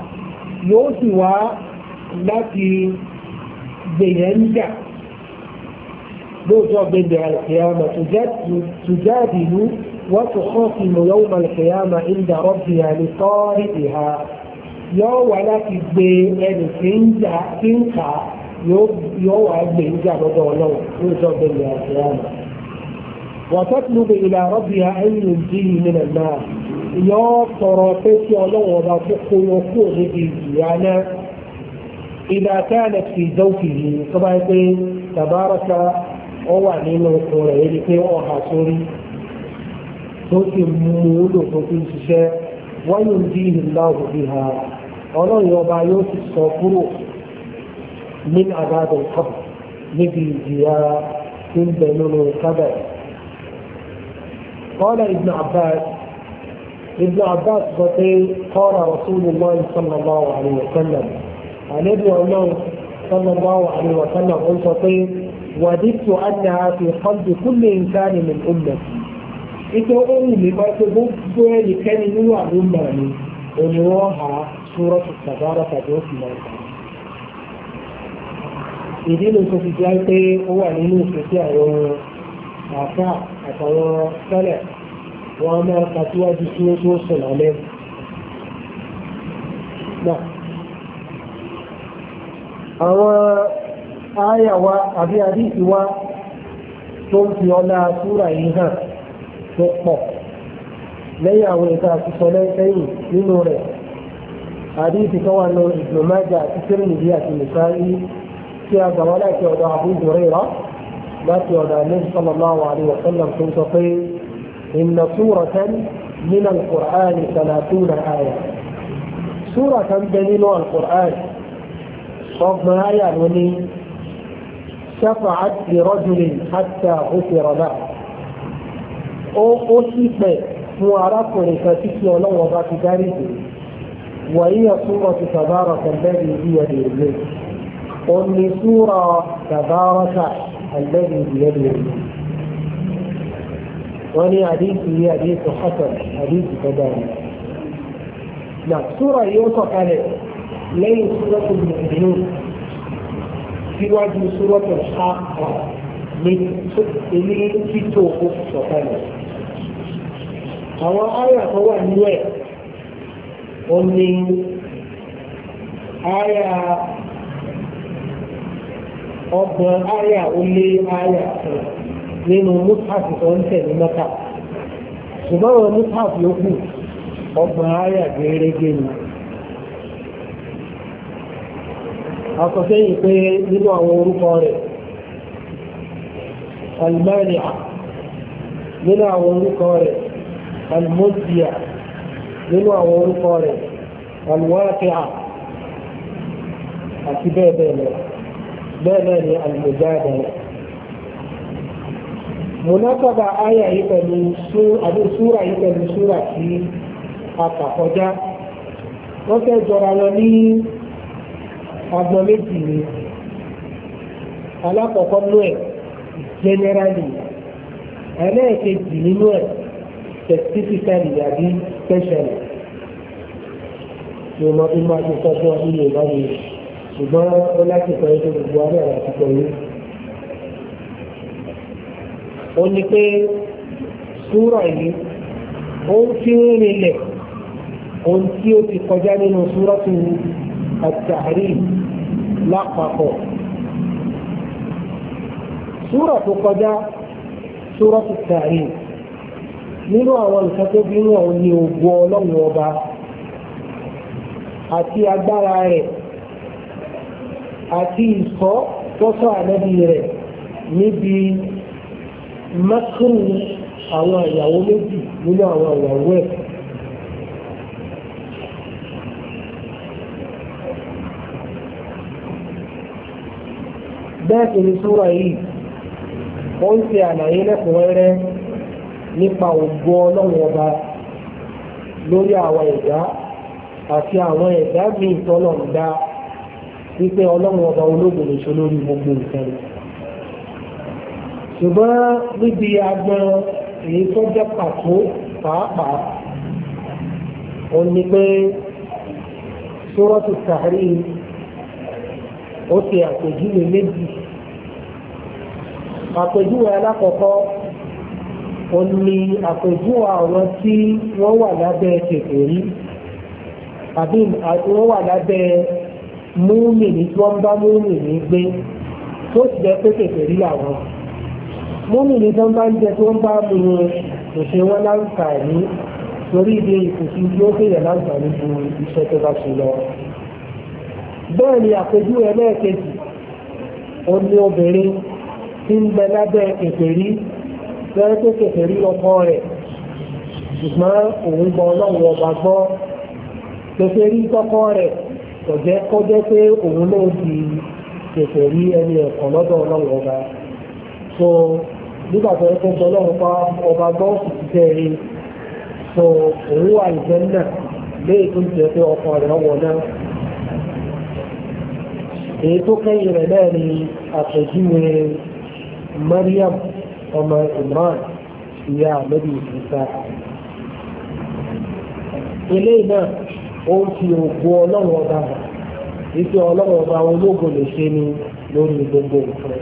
yóò sì wá láti gbèyàn jà lóòótọ́ gbẹ̀gbẹ̀ al-qiyama tujadilu wa tukhasimu yawma al-qiyama inda rabbiha li tariqiha yóò wá láti gbé ẹnì tí ń jà tí ń kà yóò wá gbé ń jà lọ́dọ̀ ọlọ́run ní ìjọ gbẹ̀lẹ̀ àti àná. وتطلب إلى ربها أن ينجيه من النار yóò tọrọ pé kí ọlọ́run ọba tó kó wọn kó níbi ìyá náà إذا كانت في زوجه tó bá yẹ pé tàbáraka ọ wà nínú ọkọ rẹ̀ yẹn pé ọ hà sórí tó ti mú un lò tó fi ń ṣiṣẹ́ wọ́n yóò dín ìlú náà òbí ha ọlọ́run ọba yóò ti sọ kúrò ní àbádọ̀ kọ́bù níbi ìjìyà tí ń bẹ nínú kábà قال ابن عباس ابن عباس بطيء قال رسول الله صلى الله عليه وسلم عن ابن عمر صلى الله عليه وسلم قلت بطيء وددت انها في قلب كل انسان من امتي إذا أمي ما تبقى لكان يوعى أمامي ونوعها súrọ́tù sàbára tàbí ó sì máa kà á. ìdí ló tó fi jẹ́ pé ó wà nínú ìfẹ́sí àwọn àfà àtàwọn sẹ́lẹ̀ wọn a máa ka síwájú sí ó tó sùn lálẹ́. àwọn àyàwá àbí àdìsí wa tó ń fi ọlá súrà yìí hàn tó pọ̀ lẹ́yìn àwọn ìta àti sọ lẹ́yìn nínú rẹ̀ àdéhìí kan wà nù Ibn Majah àti Tirmidhi àti Nasa'i tí a gbà wọn láti ọ̀dọ̀ Abu Hurairah láti ọ̀dọ̀ Nabi sallallahu alaihi wa sallam tó sọ pé inna suratan min al-Qur'an salatuna aya sura kan bẹ nínú al-Qur'an ọgbọ̀n aya ló ní شفعت لرجل حتى غفر له ó ó sì pẹ̀ fún arákùnrin kan títí ọlọ́wọ́ bá ti dárí jù وهي سورة تبارك الذي بيده الملك قل لي سورة تبارك الذي بيده الملك وني حديث هي حديث حسن حديث كذلك لا نعم، سورة يوسف عليه ليس سورة المؤمنون في وجه سورة الحاقة من سورة òkú sọ̀kalẹ̀. Àwọn ayà tó wà ní ó ní àyà ọgbọ̀n àyà ó lé àyà kan nínú mùsàfù tó ń tẹ̀lé mọ́ta ṣùgbọ́n àwọn mùsàfù yòókù ọgbọ̀n àyà gẹ́gẹ́ ni. àkọsẹ́yìn pé nínú àwọn orúkọ rẹ̀ almania nínú àwọn orúkọ rẹ̀ almosiya nínú àwọn orúkọ rẹ̀ alwaqi'a àti bẹ́ẹ̀ bẹ́ẹ̀ lọ bẹ́ẹ̀ náà ni almujadala munasaba aya yìí pẹ̀lú àbí súra yìí pẹ̀lú súra tí a wọ́n fẹ́ jọra wọn ní agbọn méjì ni alákọ̀ọ́kọ́ nú ẹ̀ generally ẹlẹ́ẹ̀kejì nínú ẹ̀ specifically àbí specially ní ọmọ bí máa ti sọ́jọ́ ilé ìbáyé ṣùgbọ́n ó láti sọ ètò gbogbo abẹ́ àwọn àti pẹ̀lú. ó ní pé súrà yìí ó ń ń rinlẹ̀ ohun tí ó ti kọjá nínú súrà tó àtàrí lápapọ̀. súrà tó kọjá súrà tó tàrí. nínú àwọn nǹkan tó bínú wọn ni ògo ọlọ́run ọba àti agbára rẹ̀ àti ìsọ́ tọ́sọ́ ànábì rẹ̀ níbi mẹ́kìrì àwọn ìyàwó méjì nínú àwọn ìyàwó ẹ̀. bẹ́ẹ̀ sì ni súra yìí wọ́n ń ṣe àlàyé lẹ́kùnrẹ́rẹ́ nípa ògbó ọlọ́run ọba lórí àwọn ẹ̀dá àti àwọn ẹ̀dá míì tọ́lọ̀ ń dá wípé ọlọ́run ọba ológun lè ṣe lórí gbogbo nǹkan rẹ̀. ṣùgbọ́n níbi agbọn èyí tó jẹ́ pàtó pàápàá ó ní pé sórọ́tù sàárì ó ti àpèjúwe méjì àpèjúwe alákọ̀ọ́kọ́. onu ni àpèjúwe àwọn tí wọ́n wà lábẹ́ kèké rí àbí wọ́n wà lábẹ́ múmìnì tí wọ́n bá múmìnì gbé tó ti jẹ́ pé kèké rí àwọn múmìnì tí wọ́n bá ń jẹ tí wọ́n bá mú kò ṣe wọ́n láǹfààní torí ibi ìkùsí tí ó fèèyàn láǹfààní ju iṣẹ́ tó bá ṣe lọ. bẹ́ẹ̀ ni fẹ́ẹ́ tó kẹfẹ́ rí ọkọ rẹ̀ ṣùgbọ́n òun gbọ́ ọlọ́run ọba gbọ́ kẹfẹ́ rí tọkọ rẹ̀ kọjẹ́ kọjẹ́ pé òun náà di kẹfẹ́ rí ẹni ẹ̀kọ́ lọ́dọ̀ ọlọ́run ọba so nígbà tó ẹ̀kọ́ gbọ́ ọlọ́run ọba gbọ́ òsì tẹ́ rí so òun wà ìfẹ́ náà léè tó ń jẹ pé ọkọ rẹ̀ ọwọ́ náà èyí tó kẹ́yìn rẹ̀ náà ni àpèjúwe Mariam ọmọ Imran ìyá àmẹ́bí ìfúnṣà. eléyìí náà ó ń fi ògo ọlọ́run ọba hàn wípé ọlọ́run ọba ológo lè ṣe ni lórí gbogbo nǹkan.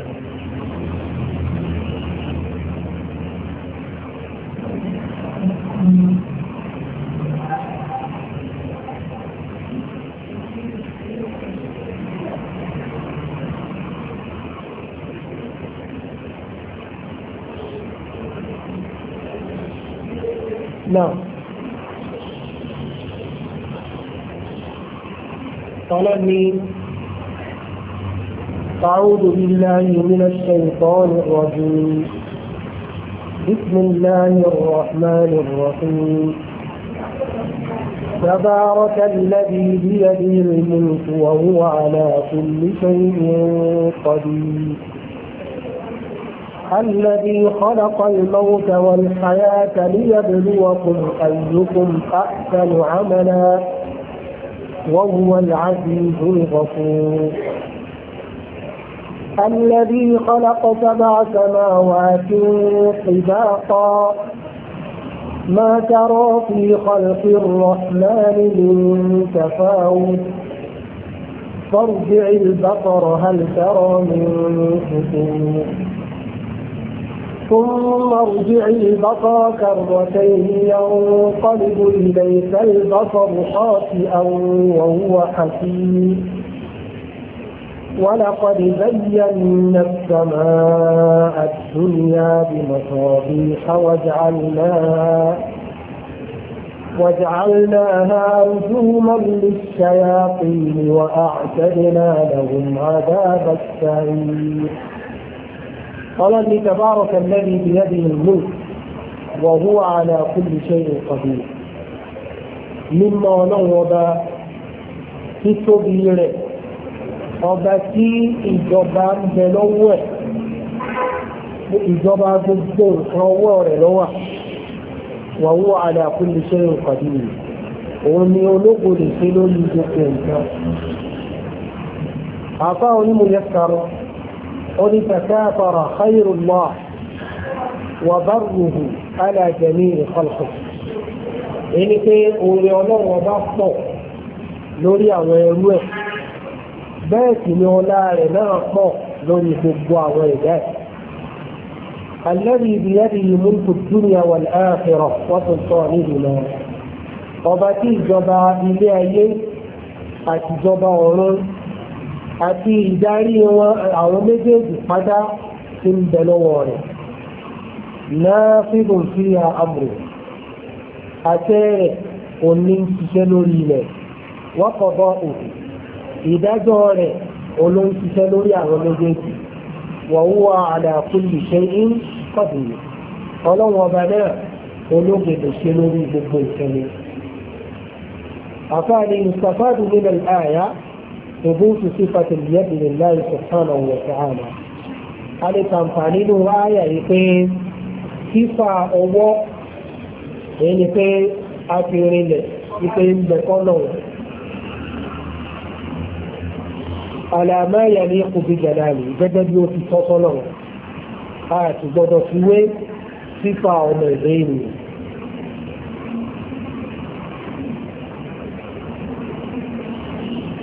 قال طلبي أعوذ بالله من الشيطان الرجيم بسم الله الرحمن الرحيم تبارك الذي بيده الملك وهو على كل شيء قدير الذي خلق الموت والحياة ليبلوكم أيكم أحسن عملا وهو العزيز الغفور الذي خلق سبع سماوات طباقا ما ترى في خلق الرحمن من تفاوت فارجع البصر هل ترى من فتور ثم ارجع البصر كرتين ينقلب إليك البصر خاسئا وهو حسين ولقد زينا السماء الدنيا بمصابيح وجعلناها وجعلناها رجوما للشياطين وأعتدنا لهم عذاب السعير قال لي تبارك الذي biyadihi al وهو على كل شيء قدير مما qadir في ọlọ́run ọba títóbi rẹ̀ ọba tí ìjọba ń bẹ lọ́wọ́ ẹ̀ ìjọba gbogbo nǹkan ọwọ́ rẹ̀ lọ́wọ́ wa huwa ala kulli shay'in òun ni ológo lè ṣe lórí gbogbo nǹkan àfáà onímọ̀ yẹn karọ́. قل فكافر خير الله وبره على جميع خلقه ẹni pé oore ọlọ́run ọba pọ̀ lórí àwọn ẹrú ẹ̀ bẹ́ẹ̀ sì ni ọlá rẹ̀ náà pọ̀ lórí gbogbo àwọn ẹ̀dá ẹ̀ alẹ́rìí ibi yẹ́rì ìmúlùkù dúnìá wà láàfẹ̀rọ̀ wọ́n tún sọ nílùú náà ọba tí ìjọba ilé ayé àtijọba ọ̀run àti ìdarí wọn àwọn méjèèjì pátá ti ń bẹ lọ́wọ́ rẹ̀ náà fíbùn sí àmùrù àtẹ rẹ̀ òní ń ṣiṣẹ́ lórí ilẹ̀ wọ́n kọ̀ bọ́ òkú ìdájọ́ rẹ̀ olóhùn ṣiṣẹ́ lórí àwọn méjèèjì wọ̀húwà àdàkùnlù ṣe ń kọ̀dùnú ọlọ́run ọba náà olóògbèdè ṣe lórí gbogbo ìṣẹ̀lẹ̀ àfáàní ìsàfáàdù nínú àyà ثبوت صفة اليد لله سبحانه وتعالى هذا تنفعني له آية يقين صفة أو يقين أكيرين يقين بقوله على ما يليق بجلاله جدد يوتي صلى الله آية بدأ سوى صفة أو مدينه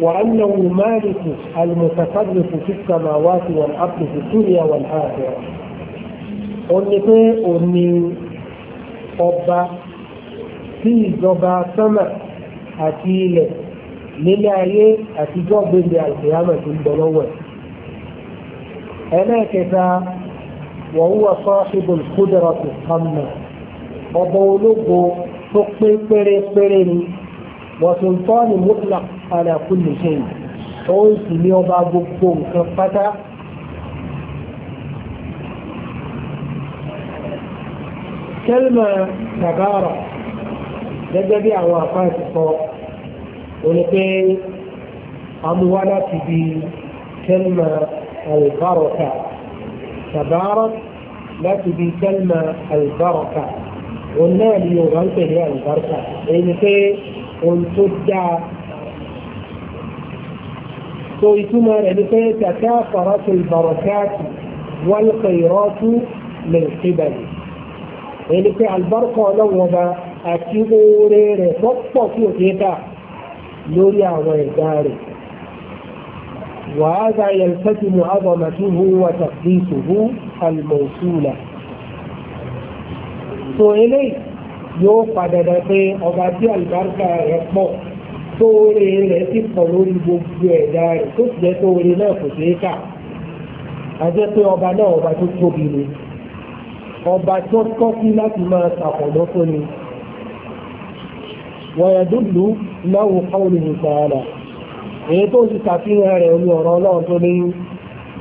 وأنه مالك المتصرف في السماوات والأرض في الدنيا والآخرة onípe òní ọba tí ìjọba sánmà àti ilẹ̀ nílé ayé àtijọ́ gbèndé àìsíyámà tó ń bọ̀ lọ́wọ́ ẹ̀. ẹlẹ́ẹ̀kẹta wọ́n wà sọ́ọ́ṣìbò kúdọ̀rọ̀ tó kàn mọ́ ọba ológo tó pé pérépéré ni وسلطان مطلق على كل شيء قلت ليوبا بكم خطة كلمة تبارة لدي بي أوافات الصوت ولكي أموالة بي كلمة البركة تبارك لا تبي كلمة البركة والنال يغلق هي البركة لأن ohun tó dáa so ìtumọ̀ rẹ̀ ni pé tàkà fàràtù ìbàrọ̀kàtù wálùkọ̀ ìrọ́tù lẹ́ẹ̀kébàlì ẹni pé àlùbáríkà ọlọ́run ọba àti oore rẹ̀ pọ́pọ̀ tí ò ṣe lórí àwọn ẹ̀dá rẹ̀ وهذا يلتزم عظمته وتقديسه الموصولة. So, eléyìí yóò padà dá pé ọba tí àlùbáríkà rẹ̀ pọ̀ tóore rẹ̀ sì pọ̀ lórí gbogbo ẹ̀dá rẹ̀ tó sì jẹ́ tóore náà kò ṣeé kà àjẹ́ pé ọba náà ọba tó tóbi ni ọba tó tọ́ sí láti máa ṣàkọ̀dọ́ fún ni wọ̀nyẹ̀dúdú láwù kọ́ọ̀lù nìkàrà èyí tó sì ṣàfihàn rẹ̀ ní ọ̀rọ̀ náà tó ní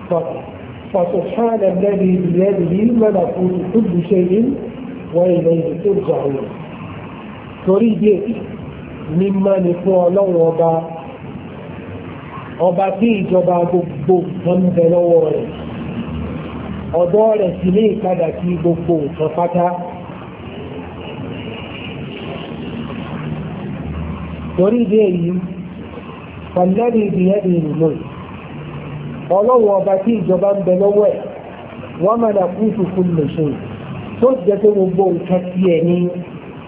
fọ̀tọ̀fánà lẹ́bi ìlẹ́bi yìí mọ́nà fún ìtúbùṣe yìí وإليه ترجعون torí díẹ̀ mímọ́ ni fún ọlọ́run ọba ọba tí ìjọba gbogbo nǹkan ń bẹ lọ́wọ́ rẹ̀ ọ̀dọ̀ rẹ̀ sì ní ìpadà sí gbogbo nǹkan pátá torí díẹ̀ yìí pàlẹ́rì ìdíyẹ́dì ìlú ọba tí ìjọba ń bẹ lọ́wọ́ ẹ̀ wọ́n mọ̀nà kúùtù fún lè ṣe yìí tó jẹ́ pé gbogbo nǹkan tí ẹ̀ ní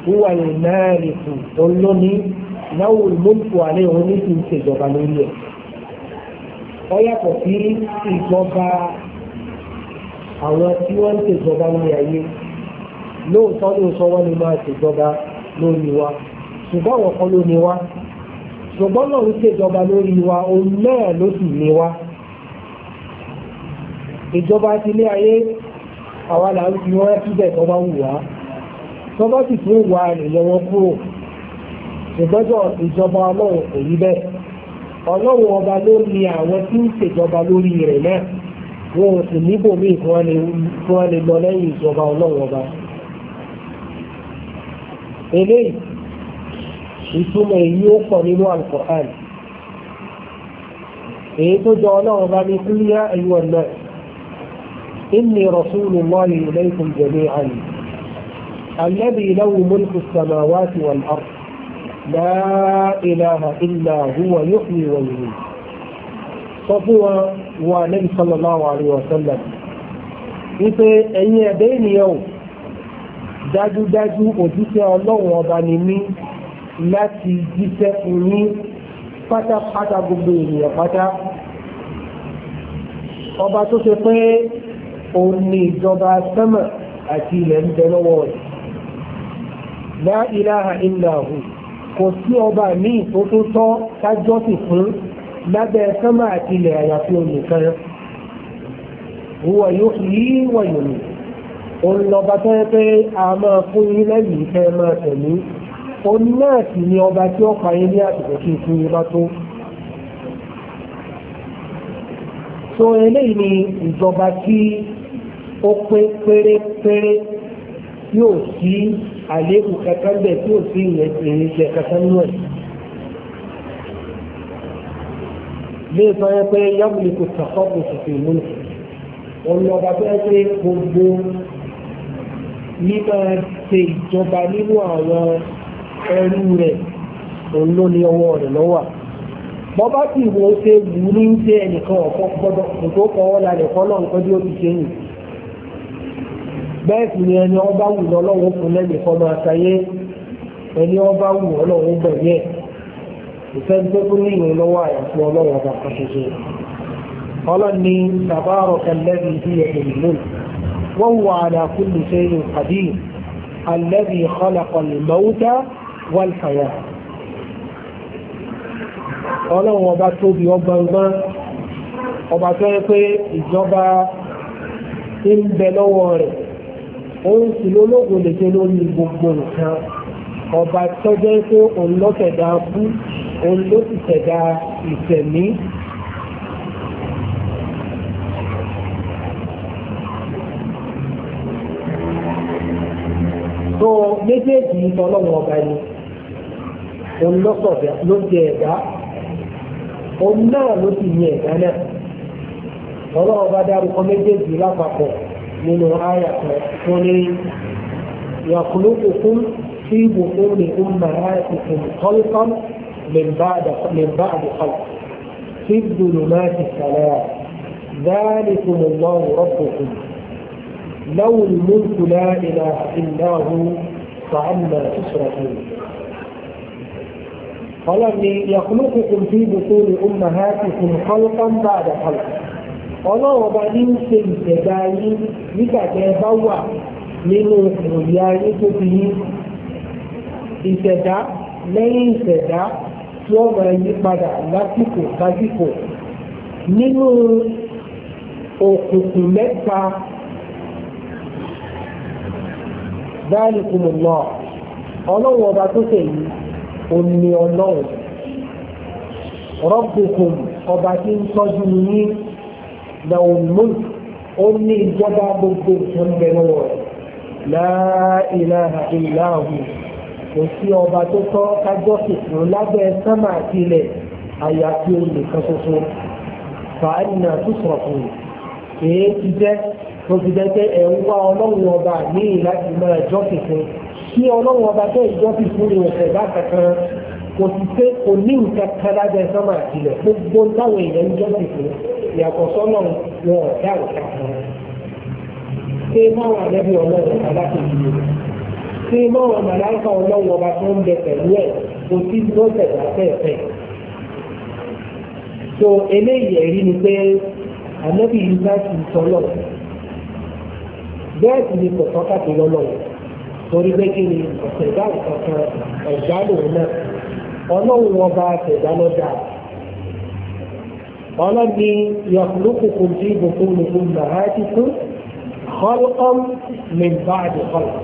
wíwá yìí náà lè kù tó ń lóní náwó ìmúlùkù alẹ́ òun ní kí n ṣèjọba lórí ẹ̀. wọ́n yàtọ̀ sí ìjọba àwọn tí wọ́n ń ṣèjọba ní ayé lóòótọ́ lóòótọ́ wọ́n ní máa ṣèjọba lórí wa ṣùgbọ́n àwọn kan ló ní wa ṣùgbọ́n náà ń ṣèjọba lórí wa òun náà ló sì ní wa ìjọba ti ní ayé àwa là ń fi wọ́n síbẹ̀ tó bá wù wá tó bá sì tún wà nìyẹn wọn ìgbẹ́jọ́ ìjọba ọlọ́run kò rí bẹ́ẹ̀ ọlọ́run ọba ló ní àwọn tí ń ṣèjọba lórí rẹ̀ náà wọn ò sì níbò míì kí wọ́n lè lọ lẹ́yìn ìjọba ọlọ́run ọba eléyìí ìtumọ̀ èyí ó pọ̀ nínú Al-Qur'an èyí tó jọ ọlọ́run ọba ní kúlíyà ẹ̀yọ́ náà إني رسول الله إليكم جميعا الذي له ملك السماوات والأرض لا إله إلا هو يحيي ويميت صفوة والنبي صلى الله عليه وسلم ipe ẹ̀yin ẹ̀dẹ́ ènìyàn dájúdájú òjíṣẹ́ ọlọ́run ọba ni mí láti jíṣẹ́ fún yín pátápátá gbogbo ènìyàn pátá ọba tó ṣe pé òun ni ìjọba sẹ́mà àti ilẹ̀ ń bẹ lọ́wọ́ rẹ̀ la ilaha illa hu kò sí ọba ní ìtótótọ́ kájọ́sì fún lábẹ́ sẹ́mà àti ilẹ̀ àyàfi olùkan huwa yuhyi wa yumiit òun lọ́ba tó yẹ pé a máa fún yín lẹ́yìn ìfẹ́ máa tẹ̀lé òun náà sì ni ọba tí ó pa yín ní àsìkò tí ikú yín bá tó. so eléyìí ni ìjọba tí ó pé pérépéré yóò sí àléébù kankan bẹ́ẹ̀ tí yóò sí ìrìnjẹ kankan nù ẹ̀. lè e sọ yẹn pé yàgùlì kò sàkọ́kù tètè múlò òun ọba tó yẹ pé gbogbo mímọ ṣe ìjọba nínú àwọn ẹrú rẹ̀ òun ló ní ọwọ́ rẹ̀ lọ́wọ́ bọ́bá sì wo ṣe wù ní ṣe ẹnìkan ọ̀pọ̀ gbọ́dọ̀ kò tó kọ́ ọ́ lálẹ́ kọ́ nǹkan bí ó ti ṣe yìí bẹ́ẹ̀ sì ni ẹni ọba wù lọ́wọ́ fún lẹ́yìn kọ́ máa sáyé ẹni ọba wù ọlọ́wọ́ gbẹ̀yẹ ìfẹ́ tó kún ní ìwé lọ́wọ́ àyàfi ọlọ́wọ́ ọba kan ṣoṣo ọlọ́run ní tabaraka alladhi bí ẹ̀yìn lónìí wọ́n wà ala kulli shay'in qadir alladhi khalaqa al-mawta wal-hayat ọba tóbi ọgbọ̀ngbọ́n ọba tó yẹ pé ìjọba ń bẹ lọ́wọ́ rẹ̀ òun sì lólógun lè ṣe lórí gbogbo nǹkan ọba tọ́jọ́ pé òun ló ṣẹ̀dá kú òun ló sì ṣẹ̀dá ìṣẹ̀mí. tó méjèèjì ọlọ́run ọba ni òun ló sọ̀dá ló jẹ ẹ̀dá òun náà ló sì ní ẹ̀dá náà ọlọ́run ọba dárúkọ méjèèjì lápapọ̀. من آية kan يخلقكم في بطون أمهاتكم خلقا من بعد من بعد خلق في الظلمات الثلاث ذلكم الله ربكم لو الملك لا إله إلا هو فعما تشركون قال يخلقكم في بطون أمهاتكم خلقا بعد خلق ọlọ́run bá ní ṣe ìṣẹ̀dá yín nígbà bá wà nínú ìròyìn ayé tó fi yín ìṣẹ̀dá lẹ́yìn ìṣẹ̀dá tí wọ́n máa yí padà lásìkò lásìkò nínú òkùnkùn mẹ́ta dáàlìkùnmù náà ọlọ́run ọba له الملك أمي جبا بلدر سنبنور لا إله إلا هو òsì ọba tó tọ́ kájọ́ kìkùn lábẹ́ sánmà àti ilẹ̀ àyàfi olùkan ṣoṣo fàánà tó sọ̀rọ̀ fún un èé ti jẹ́ tó fi jẹ́ pé ẹ̀ ń wá ọlọ́run ọba míì láti mọ ẹjọ́ kìkùn kí ọlọ́run ọba tó ìjọ́ kìkùn ní ọ̀sẹ̀ bá kankan kò sì pé kò ní nǹkan kan lábẹ́ sánmà àti ilẹ̀ gbogbo táwọn èèyàn ń jọ́ kìkùn yàtọ̀ sọ́nà wọn ọ̀dà ọ̀dà kan ṣé máwọn àlẹ́bí ọlọ́run alákejì rẹ̀ ṣé máwọn màláìka ọlọ́run ọba tó ń bẹ pẹ̀lú ẹ̀ kò sí lọ́sẹ̀ láfẹ́ẹ̀fẹ́ so eléyìí ẹ̀rí ni pé àlẹ́bí yìí bá ti sọ́lọ̀ bẹ́ẹ̀ sì ni kò sọ́kàtì lọ́lọ́run torí pé kí ni ọ̀sẹ̀ ìdáhùn kankan ẹ̀dá lòun náà ọlọ́run ọba àtẹ̀dá lọ́dà ọlọ́ni yọ̀kùlùkùkù tí ibùkún nìkún màá ti kú kọ́lọ́kọ́m mẹ́bà àdìkọ́lọ́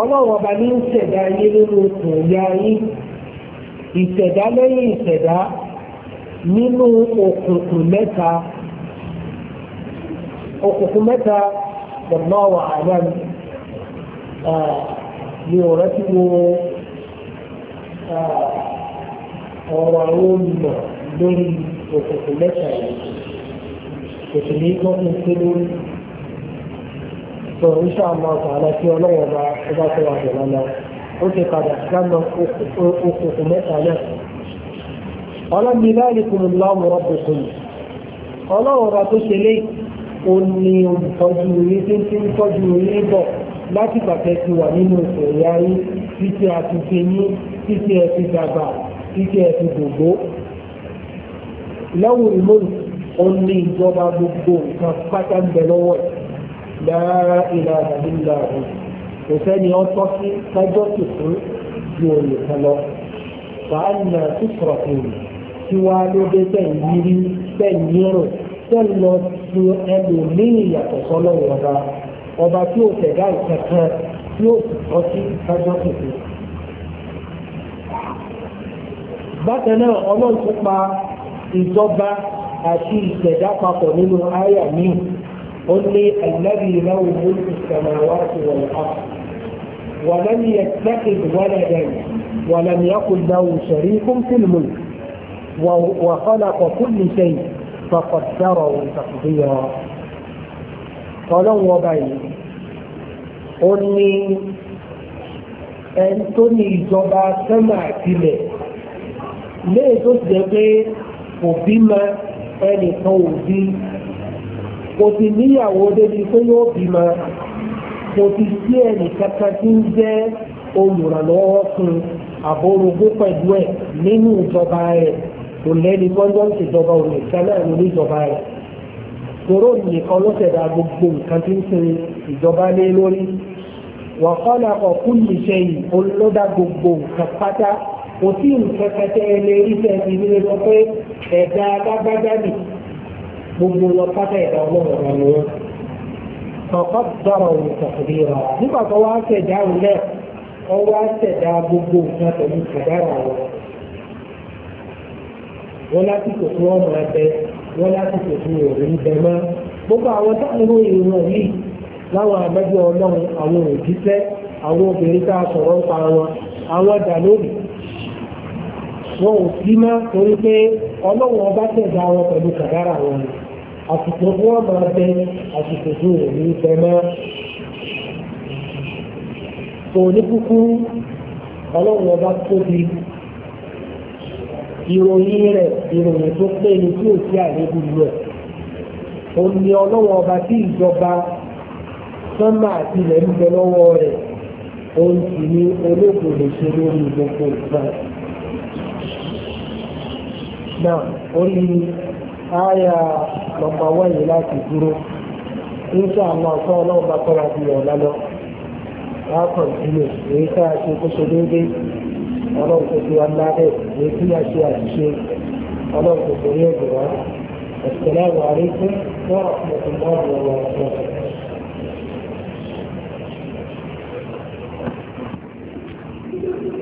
ọlọ́run ọba ní ìṣẹ̀dá ayé nínú okùn ìyá yín ìṣẹ̀dá lẹ́yìn ìṣẹ̀dá nínú òkùnkùn mẹ́ta òkùnkùn mẹ́ta pẹ̀lú ọ̀wọ̀ àdán ni ọ̀rẹ́ tí mo ọ̀rọ̀ àwọn olùmọ̀ lórí yìí òkùnkùn mẹ́ta yìí kò sì ní gbọ́dọ̀ tó lórí. sọ iṣẹ́ àwọn àtàlà tí ọlọ́wọ́ bá ọba tó wà jọ̀lá lọ ó ti padà dáná òkùnkùn mẹ́ta náà. ọlọ́mí láàrin kùnú láwọn ọ̀rọ̀ kùnú ọlọ́wọ́ bá tó ṣe lé o ní olùtọ́jú orí tí ń tí tọ́jú orí bọ̀ láti pàtẹ́ ti wà nínú ìṣòro ayé títí àti ṣe ní títí ẹ ti dàgbà títí ẹ ti dògbò lẹ́wù ìmọ̀lù òní ìjọba gbogbo nǹkan pátá ń bẹ lọ́wọ́ ẹ̀ lára ìlà àdàlílà rẹ̀ kò sẹ́ni ọ́ tọ́ sí kájọ́ sì fún ju òye kan lọ. fàánà tó sọ̀rọ̀ kùnú tí wàá ló dé bẹ́ẹ̀ yírí bẹ́ẹ̀ yírùn bẹ́ẹ̀ lọ ju ẹlòmíì yàtọ̀ sọ́lọ́wọ́ ọba ọba tí ò tẹ̀dá ìkẹ̀kẹ́ tí ó sì tọ́ sí kájọ́ sì fún. bákan náà ọlọ́run tó pa ìjọba àti ìṣẹ̀dá papọ̀ nínú àyà míì ó ní ẹ̀lẹ́bí ìnáwó mọ́tò sàmáwá ti wọ̀lẹ̀ àpò ولم يتخذ ولدا ولم يكن له شريك في الملك وخلق كل شيء فقدره تقديرا ọlọ́run ọba yìí ó ní ẹni tó ní ìjọba sẹ́mà àtìlẹ̀ léè tó jẹ́ pé kò bímọ ẹnìkan ò bí kò sì níyàwó débi pé yóò bímọ kò sì sí ẹnìkankan tí ń jẹ́ olùrànlọ́wọ́ fún àbórogó pẹ̀lú ẹ̀ nínú ìjọba rẹ̀ kò lẹ́ni gbọ́ndọ́ ń ṣèjọba òun nìkan náà lórí ìjọba rẹ̀ tòró nìkan ló ṣẹ̀dá gbogbo nǹkan tí ń sin ìjọba lé lórí wàhálà ọ̀kúnlùṣẹ́yìn olódà gbogbo nǹkan pátá kò sí nǹkan kẹtẹ ẹlẹ iṣẹ́ ti ní sọ pé ẹ̀dá agbágbádá nì gbogbo wọn pátá ẹ̀dá ọlọ́run ọ̀rọ̀ ni wọn. kọ̀ọ̀kan dọ̀rọ̀ òun rà nígbà tó wá ṣẹ̀dá òun náà wá ṣẹ̀dá gbogbo nǹkan wọn. wọ́n lásìkò tí wọ́n máa bẹ wọ́n lásìkò tí a wọn ò sí mọ́ torí pé ọlọ́run ọba tẹ̀dá wọn pẹ̀lú kàdára wọn ni àsìkò tí wọ́n máa bẹ àsìkò tí ò ní bẹ mọ́. kò ní kúkú ọlọ́run tóbi ìròyìn rẹ̀ ìròyìn tó pé ní tí ò sí àléébù rẹ̀ òun ni ọlọ́run ọba tí ìjọba sánmà àti ilẹ̀ ń bẹ lọ́wọ́ rẹ̀ òun sì ni olóògùn lè ṣe lórí gbogbo ìgbà rẹ̀ náà orí àyà nọ́mbà wáyé láti dúró nígbà àwọn ọ̀sán ọlọ́run bá tọ́ra bí ọ̀la lọ wàá kàn sílẹ̀ èyí tá a ṣe kó ṣe déédéé ọlọ́run tó ti wá ńlá bẹ́ẹ̀ èyí tí a ṣe àṣìṣe ọlọ́run tó torí ẹ̀jẹ̀ wá ẹ̀sìnkẹ́lẹ́ àríkún wọ́n ọ̀pọ̀lọpọ̀ náà lọ́wọ́ ọ̀pọ̀. Thank you.